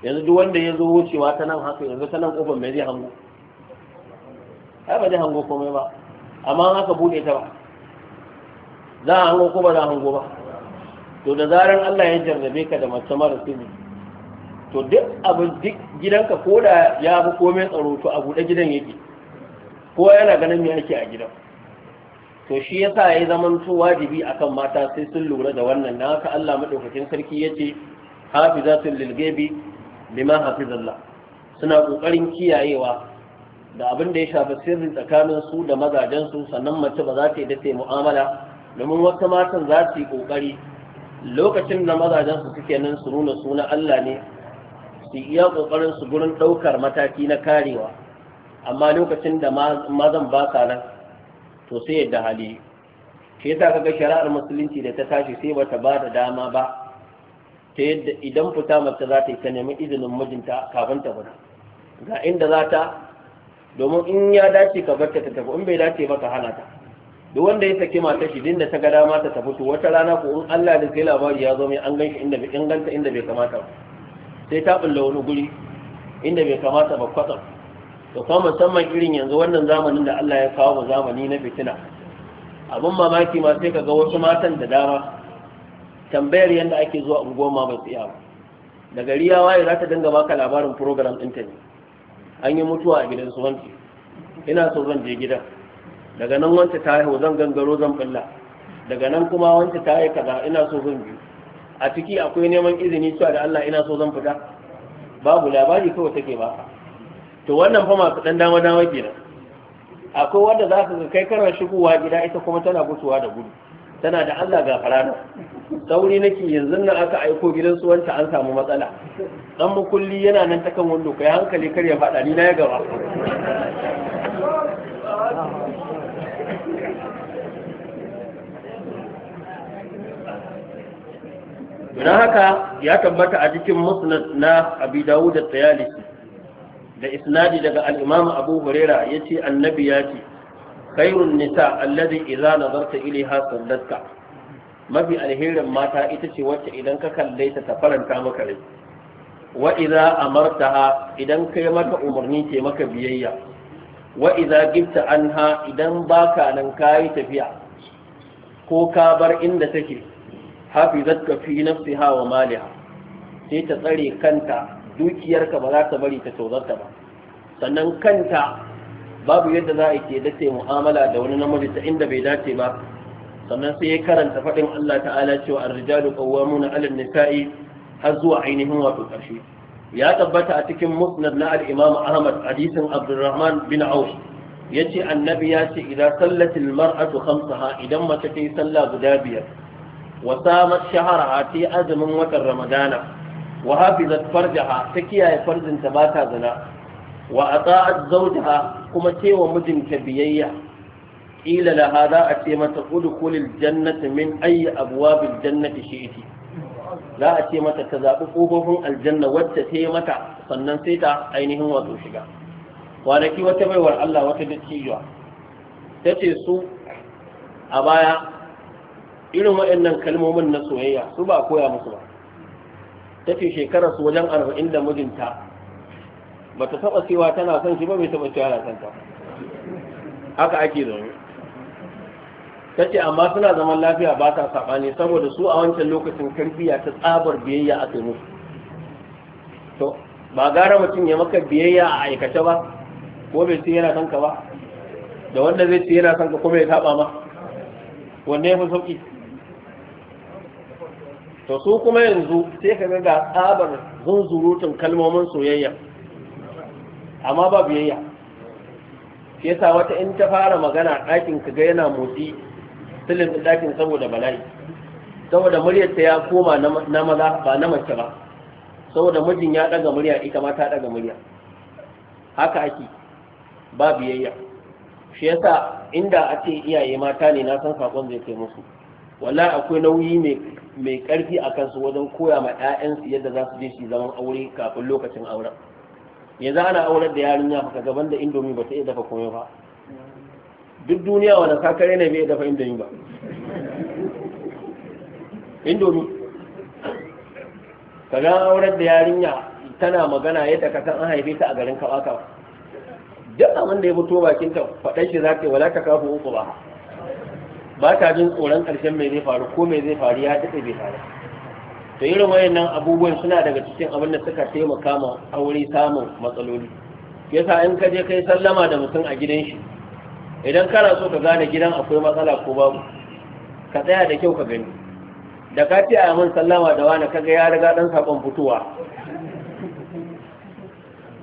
yanzu duk wanda ya zo wucewa ta nan haka yanzu ta nan kofar mai zai hango ai ba zai hango komai ba amma haka bude ta ba za a hango ko ba za a hango ba to da zarar Allah ya jarrabe ka da mace mara sirri to duk abin duk gidanka ko da ya fi komai tsaro to a buɗe gidan yake ko yana ganin me yake a gidan to shi yasa ya zama to wajibi akan mata sai sun lura da wannan na haka Allah madaukakin sarki yace hafizatul lil ghaibi bima hafizallah suna kokarin kiyayewa da abin da ya shafi sirri tsakanin su da mazajensu, sannan mace ba za ta yi da ta mu'amala domin wata matan za su yi kokari lokacin da mazajensu suke nan su nuna suna Allah ne su iya ƙoƙarin su gurin ɗaukar mataki na karewa amma lokacin da mazan ba sa nan to sai yadda hali ke yasa kaga shari'ar musulunci da ta tashi sai bata ba da dama ba ta yadda idan fita mace za ta yi ta nemi izinin mijinta kafin ta fita ga inda za ta domin in ya dace ka bar ta tafi in bai dace ba ka hana ta duk wanda ya saki mata shi din da ta ga dama ta tafi to wata rana ko in Allah da kai labari ya zo mai an ganshi inda bai inganta inda bai kamata ba sai ta bulla wani guri inda bai kamata ba kwatsam to kuma musamman irin yanzu wannan zamanin da Allah ya kawo mu zamani na fitina abin mamaki ma sai kaga wasu matan da dama tambayar yadda ake zuwa unguwar ma ba tsaya ba da gari ya waye za ta dinga baka labarin program ɗinta ne an yi mutuwa a gidan suwanci ina so zan je gidan daga nan wanta ta haihu zan gangaro zan bulla daga nan kuma wanta ta yi kaza ina so zan biyu a ciki akwai neman izini cewa da Allah ina so zan fita babu labari kawai take ba to wannan fa masu dan dama dama nan. akwai wanda za ka kai karar shigowa gida ita kuma tana gutuwa da gudu tana da Allah ga farana sauri nake yanzu nan aka aiko gidan su wanda an samu matsala dan mukulli yana nan ta kan wando kai hankali kar ya faɗa ni na ya gaba da haka ya tabbata a cikin musnad na abi dawud at-tayalisi da isnadi daga al-imam abu huraira yace annabi ya ce khairun nisa allazi idza nazarta ilaiha sallatka mafi alherin mata ita ce wacce idan ka kalle ta ta faranta maka rai wa idza amartaha idan kai mata umarni ce maka biyayya wa idza gibta anha idan baka nan kai tafiya ko ka bar inda take hafizatka fi nafsiha wa maliha sai ta tsare kanta dukiyarka ba za ta bari ta tozarta ba sannan kanta babu yadda za a ke dace mu'amala da wani namiji ta inda bai dace ba sannan sai ya karanta faɗin Allah ta'ala cewa ar-rijalu qawwamuna 'ala an-nisa'i har zuwa ainihin wato ƙarshe ya tabbata a cikin musnad na al-imam Ahmad hadisin Abdurrahman bin Auf yace annabi ya ce idan sallatil mar'atu khamsaha idan mace ta yi sallah guda biyar wa samat shaharaha ta azumin watan ramadana wa hafizat farjaha ta kiyaye farjinta ba ta zina wa ata'at zawjaha kuma tewa mijinta biyayya qila laha za a ce mata udkhulil jannata min ayyi abwabil jannati shi'ti za a ce mata ta zaɓi ƙofofin aljanna wacce ta mata sannan sai ta ainihin wato shiga kwanaki wata baiwar Allah wata dattijuwa ta ce su a baya irin waɗannan kalmomin na soyayya su ba koya musu ba ta ce shekarar su wajen arba'in da mijinta ba ta taba cewa tana son shi ba mai taba cewa na ta haka ake zaune ta ce amma suna zaman lafiya ba ta saɓani saboda su a wancan lokacin karfiya ta tsabar biyayya a musu to ba gara mutum ya maka biyayya a aikace ba ko bai ce yana son ka ba da wanda zai ce yana son ka ko bai saba ma wanne ya fi sauki to su kuma yanzu sai ka ga tsabar zunzurutun kalmomin soyayya amma ba biyayya shi yasa wata in ta fara magana ɗakin ka ga yana motsi silin ɗakin saboda bala'i saboda muryarta ya koma na maza ba na mace ba saboda mijin ya ɗaga murya ita ma ta ɗaga murya haka ake ba biyayya shi yasa inda a ce iyaye mata ne na san sakon zai kai musu wala akwai nauyi mai karfi a kansu wajen koya ma 'ya'yansu yadda za su je shi zaman aure kafin lokacin auren yanzu ana aure da yarinya fa gaban da indomi ba ta iya dafa komai ba duk duniya wanda kakare ne bai dafa indomi ba indomi kaga aure da yarinya tana magana yadda ka san an haife ta a garin kawaka duk abin da ya fito bakin ta faɗan shi yi wala ka kafa uku ba ba ta jin tsoron ƙarshen mai zai faru ko mai zai faru ya daɗe bai faru to irin wayannan abubuwan suna daga cikin abin da suka taimaka ma aure samun matsaloli yasa in ka je kai sallama da mutum a gidan shi idan kana so ka gane gidan akwai matsala ko babu ka tsaya da kyau ka gani da ka ce a min sallama da wani kaga ya riga dan sakon fitowa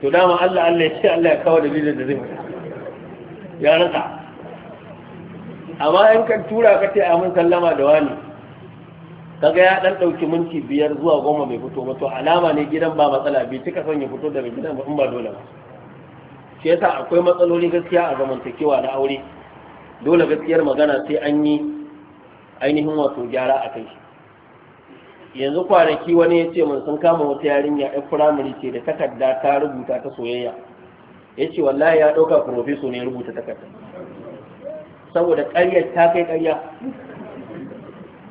to dama Allah Allah ya ce Allah ya kawo dalilin da zai ya rasa amma in ka tura ka ce amin sallama da wani kaga ya dan dauki minti biyar zuwa goma bai fito ba alama ne gidan ba matsala bai cika son ya fito daga gidan ba in ba dole ba shi yasa akwai matsaloli gaskiya a zamantakewa na aure dole gaskiyar magana sai an yi ainihin wato gyara a kai yanzu kwanaki wani ya ce mun sun kama wata yarinya yan firamare ce da takarda ta rubuta ta soyayya ya ce wallahi ya ɗauka profeso ne rubuta takarda saboda ƙaryar ta kai ƙarya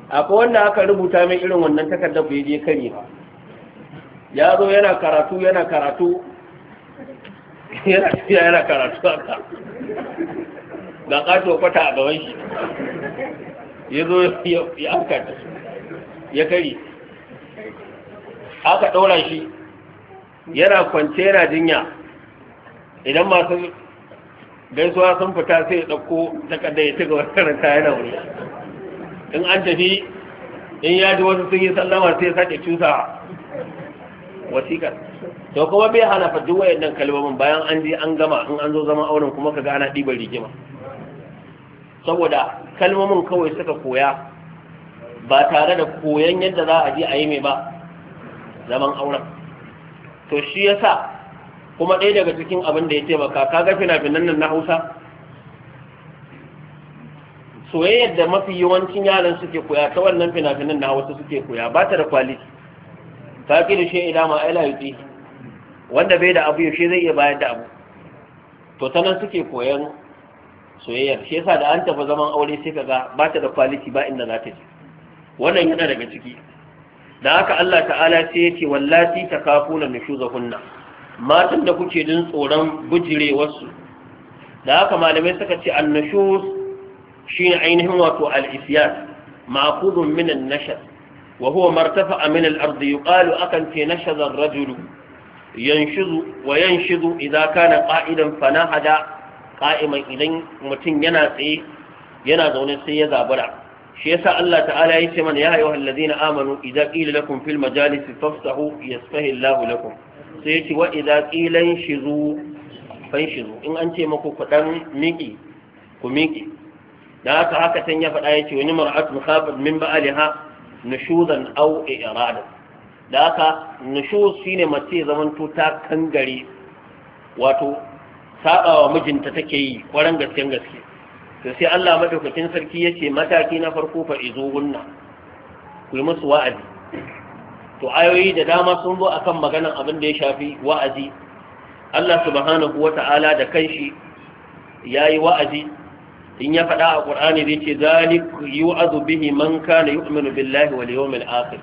akwai wanda aka rubuta mai irin wannan takardar bai je kare ba ya zo yana karatu yana karatu yana yana karatu haka ga ƙato kwata a gaban shi ya zo ya aka da su ya kare aka ɗora shi yana kwance yana jinya idan masu gaisuwa sun fita sai ya ɗauko kada ya ci gaba karanta yana wuri in an tafi in ya ji wasu sun yi sallama sai ya sake cusa wasikar. to kuma bai hana fa duk wayannan kalmomin bayan an je an gama in an zo zama auren kuma ka ga ana ɗiban rigima saboda kalmomin kawai suka koya ba tare da koyan yadda za a je a yi mai ba zaman auren to shi yasa kuma ɗaya daga cikin abin da ya taimaka ka ga finafinan nan na hausa soyayyar da mafi yawancin yaran suke koya ta wannan finafinan na hausa suke koya ba ta da kwaliti ta fi da shi ila ma ila yi wanda bai da abu yaushe zai iya bayar da abu to ta nan suke koyan soyayyar shi yasa da an tafi zaman aure sai ka ga ba ta da kwaliti ba inda za ta je wannan yana daga ciki da haka Allah ta'ala sai ya ce wallati takafuna nushuzahunna matan da kuke jin tsoron bujirewarsu da haka malamai suka ce annashus ne ainihin wato al-isyas ma'khudun min an-nashaz wa huwa martafa'a min al-ard yuqalu akan fi nashaza ar-rajul yanshizu wa yanshizu idza ƙa'idan fana hada qa'iman idan mutum yana tsaye yana zaune sai ya zabura shi yasa Allah ta'ala yace mana ya ayyuhallazina amanu idza qila lakum fil majalisi fafsahu yasfahillahu lakum sai ce wa idza qilan shiru fan shiru in an ce maku ku dan miki ku miki Da haka haka tan ya faɗa yace wani mar'atun khafat min ba'aliha nushuzan aw irada da haka nushuz shine mace zaman to ta kangare wato sabawa mijinta take yi kwaran gaske gaske to sai Allah madaukakin sarki yace mataki na farko fa izuhunna ku yi musu wa'azi to ayoyi da dama sun zo akan maganan abin da ya shafi wa'azi Allah subhanahu wata'ala da kanshi yayi wa'azi in ya faɗa a Qur'ani zai ce zalik yu'azu bihi man kana yu'minu billahi wal yawmil akhir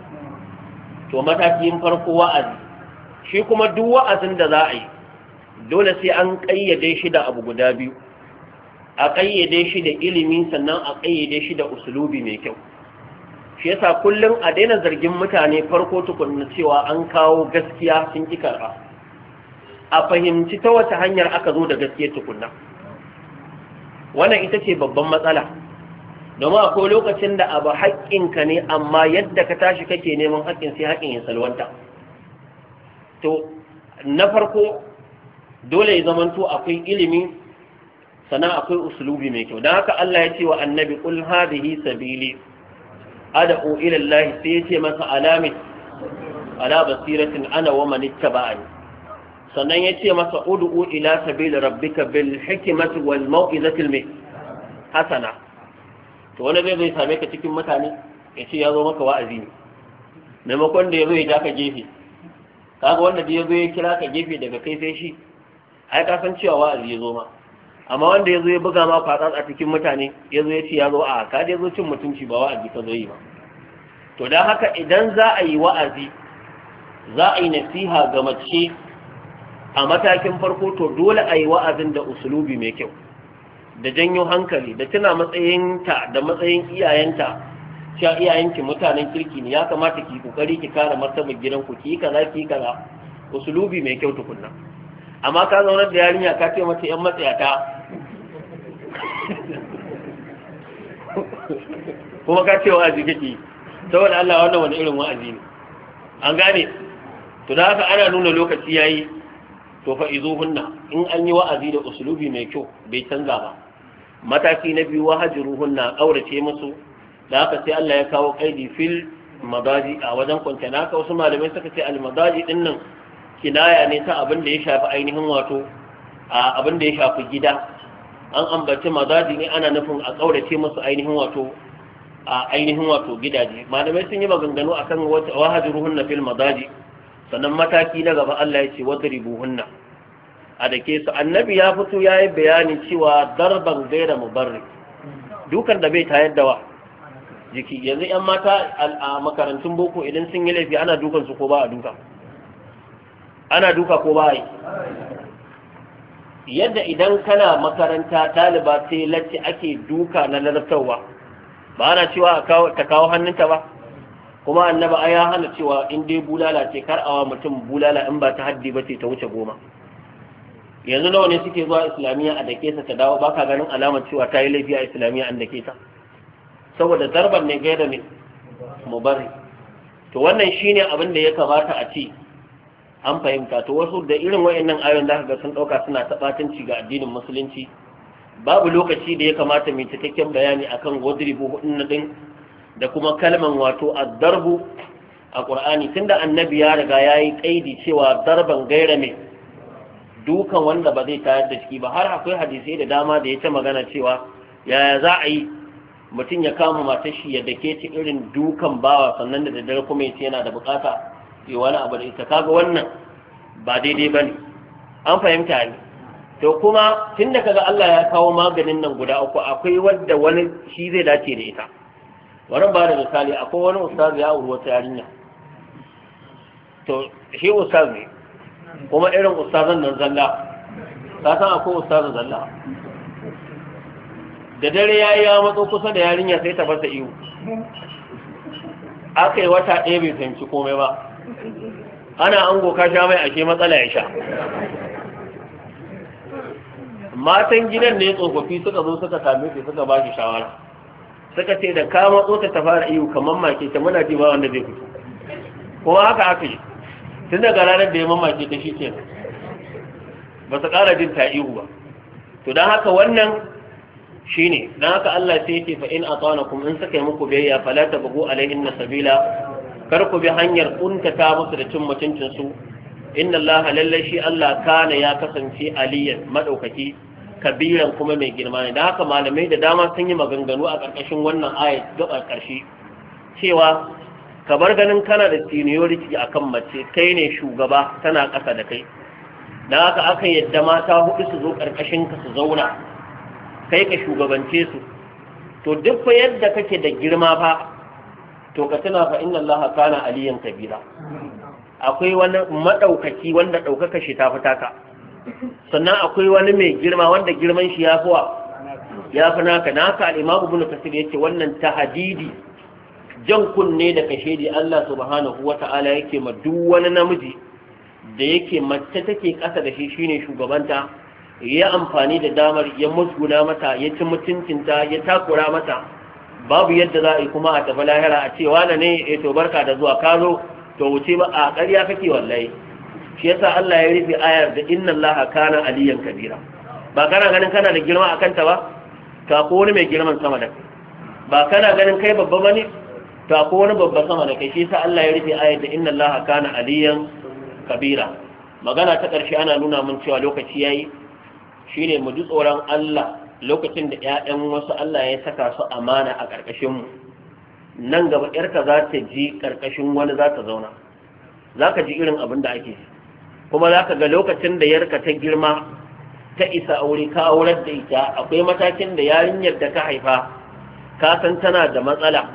to matakin farko wa'azi shi kuma duk wa'azin da za a yi dole sai an kayyade shi da abu guda biyu a kayyade shi da ilimi sannan a kayyade shi da usulubi mai kyau shi yasa kullum a daina zargin mutane farko tukunna cewa an kawo gaskiya sun ki karɓa a fahimci ta wata hanyar aka zo da gaskiya tukunna wannan ita ce babban matsala domin akwai lokacin da abu haƙƙinka ne amma yadda ka tashi kake neman haƙƙin sai haƙƙin ya salwanta to na farko dole ya zamanto akwai ilimi sannan akwai usulubi mai kyau don haka Allah ya ce wa annabi qul hadhihi sabili ad'u ila Allah sai ya ce masa alamin ala basiratin ana wa man ittaba'ani sannan yace ce masa ud'u ila sabil rabbika bil hikmati wal mau'izati hasana to wani zai zai same ka cikin mutane ya ce ya zo maka wa'azi ne maimakon da ya zo ya ja ka gefe kaga wanda da ya zo ya kira ka gefe daga kai sai shi ai ka san cewa wa'azi ya zo amma wanda ya zo ya buga ma kwatsas a cikin mutane ya zo ya ce ya zo a ka ya zo cin mutunci ba wa'azi ka zo yi ba to don haka idan za a yi wa'azi za a yi nasiha ga mace a matakin farko to dole a yi wa'azin da usulubi mai kyau da janyo hankali da tuna matsayinta da matsayin iyayenta cewa iyayenki mutanen kirki ne ya kamata ki kokari ki kare martabar gidanku ki kaza ki kaza usulubi mai kyau tukunna amma ka zaunar da yarinya ka ce mata yan matsayata kuma ka ce wa'azi kake saboda Allah wannan wani irin wa'azi ne an gane to da haka ana nuna lokaci yayi to fa izuhunna in an yi wa'azi da usulubi mai kyau bai canza ba mataki na biyu wahajiruhunna aurace musu da haka sai Allah ya kawo kaidi fil madaji a wajen kwanta na haka wasu malamai suka ce al madaji din nan kinaya ne ta abin da ya shafi ainihin wato a abin da ya shafi gida an ambaci mazaji ne ana nufin a kaurace musu ainihin wato a ainihin wato gidaje malamai sun yi maganganu akan wahajiruhunna fil mazaji sannan mataki na gaba Allah ya ce wadribuhunna a dake su annabi ya fito ya yi bayani cewa darban gaira mubarri dukan da bai tayar da wa jiki yanzu yan mata a makarantun boko idan sun yi laifi ana dukan su ko ba a duka ana duka ko ba a yi yadda idan kana makaranta ɗaliba sai latti ake duka na larabtarwa ba ana cewa ta kawo hannunta ba kuma annaba ai ya hana cewa in dai bulala ce kar awa mutum bulala in ba ta haddi ba ce ta wuce goma yanzu nawa ne suke zuwa islamiyya a dake ta dawo baka ganin alamar cewa ta yi laifi a islamiyya an dake ta saboda zarban ne gaira ne mubari to wannan shine abin da ya kamata a ce an fahimta to wasu da irin wa'annan ayoyin da ga sun dauka suna tabatanci ga addinin musulunci babu lokaci da ya kamata mai cikakken bayani akan wadribu hudun din da kuma kalman wato ad-darbu a Qur'ani tunda annabi ya riga yayi kaidi cewa darban gaira mai dukan wanda ba zai tayar da shi ba har akwai hadisi da dama da ya magana cewa yaya za a yi mutum ya kama matar shi ya dake ta irin dukan bawa sannan da daddare kuma ya yana da bukata yi wani abu da ita kaga wannan ba daidai ba ne an fahimta ne to kuma tun da kaga Allah ya kawo maganin nan guda uku akwai wadda wani shi zai dace da ita wani ba da misali akwai wani ustaz ya wuri wata yarinya to shi ustaz ne kuma irin ustazan nan zalla ka san akwai ustazan zalla da dare ya yi ya matso kusa da yarinya sai ta fasa iyo aka yi wata ɗaya bai fahimci komai ba ana ango ka sha mai ake matsala ya sha matan gidan ne tsofaffi suka zo suka same shi suka ba shi shawara suka ce da ka matso ta fara iyo kamar make ta muna ji ba wanda zai fito kuma haka haka yi tun daga ranar da ya mamake ta shi ce ba su ƙara jin ta ihu ba to don haka wannan shine don haka Allah sai yake fa in atanakum in suka yi muku biyayya fala tabu alaihin sabila kar ku bi hanyar kuntata musu da cin mutuncin su inna Allah lalle shi Allah kana ya kasance aliyan madaukaki kabiran kuma mai girma ne da haka malamai da dama sun yi maganganu a ƙarƙashin wannan ayat gaba ƙarshe cewa bar ganin kana da seniority akan mace kai ne shugaba tana kasa da kai dan haka aka yadda mata hudu su zo ƙarƙashin ka su zauna kai ka shugabance su to duk fa yadda kake da girma fa to ka tuna fa inna allaha kana aliyan kabira akwai wani madaukaki wanda daukaka shi ta fita ka sannan akwai wani mai girma wanda girman shi ya fi ya fi naka naka al-imamu ibn kasir yace wannan tahdidi jan kunne da kashedi Allah subhanahu wata'ala yake ma duk wani namiji da yake mace take kasa da shi shine shugabanta ya amfani da damar ya musguna mata ya ci mutuncinta ya takura mata babu yadda za a yi kuma a tafi lahira a ce wane ne ya eh to barka da zuwa ka zo to wuce ba a ƙarya kake wallahi shi yasa Allah ya rufe ayar da inna Allah kana aliyan kabira ba kana ganin kana da girma akan ta ba ta ko wani mai girman sama da kai ba kana ganin kai babba bane ta ko wani babba sama da kai shi yasa Allah ya rufe ayar da inna Allah kana aliyan kabira magana ta ƙarshe ana nuna mun cewa lokaci yayi shine mu ji tsoron Allah lokacin da 'ya'yan wasu Allah ya saka su amana a ƙarƙashinmu. nan gaba 'yarka za ta ji ƙarƙashin wani za ta zauna za ka ji irin abin da ake kuma za ka ga lokacin da yarka ta girma ta isa aure ka aurar da ita akwai matakin da yarinyar da ka haifa ka san tana da matsala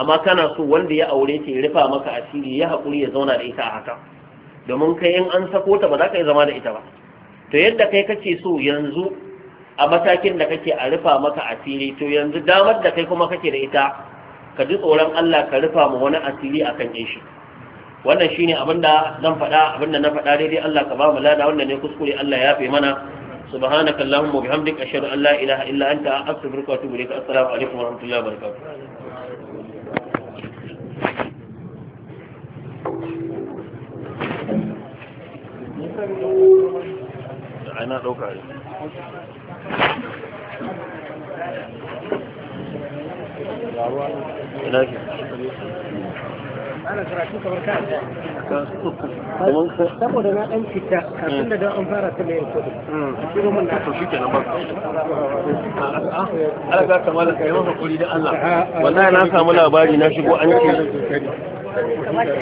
amma kana so wanda ya aure ta ya rufa maka asiri ya haƙuri ya zauna da ita a haka domin kai in an sako ta ba za ka yi zama da ita ba to yadda kai kake so yanzu a matakin da kake a rufa maka asiri to yanzu damar da kai kuma kake da ita ka ji tsoron Allah ka rufa mu wani asiri akan yin shi wannan shine abin da zan faɗa abin da na faɗa daidai Allah ka ba mu lada wannan ne kuskure Allah ya fi mana subhanaka allahumma bihamdika ashhadu an la ilaha illa anta astaghfiruka wa atubu ilaik assalamu alaikum wa rahmatullahi wa barakatuh ana ɗauka ana karatu kamar saboda na dan fita kafin da da an fara ta mai kudu shi cikin mun na shi kenan ba ala ga kamala kai maka kuri da Allah wallahi na samu labari na shigo an ce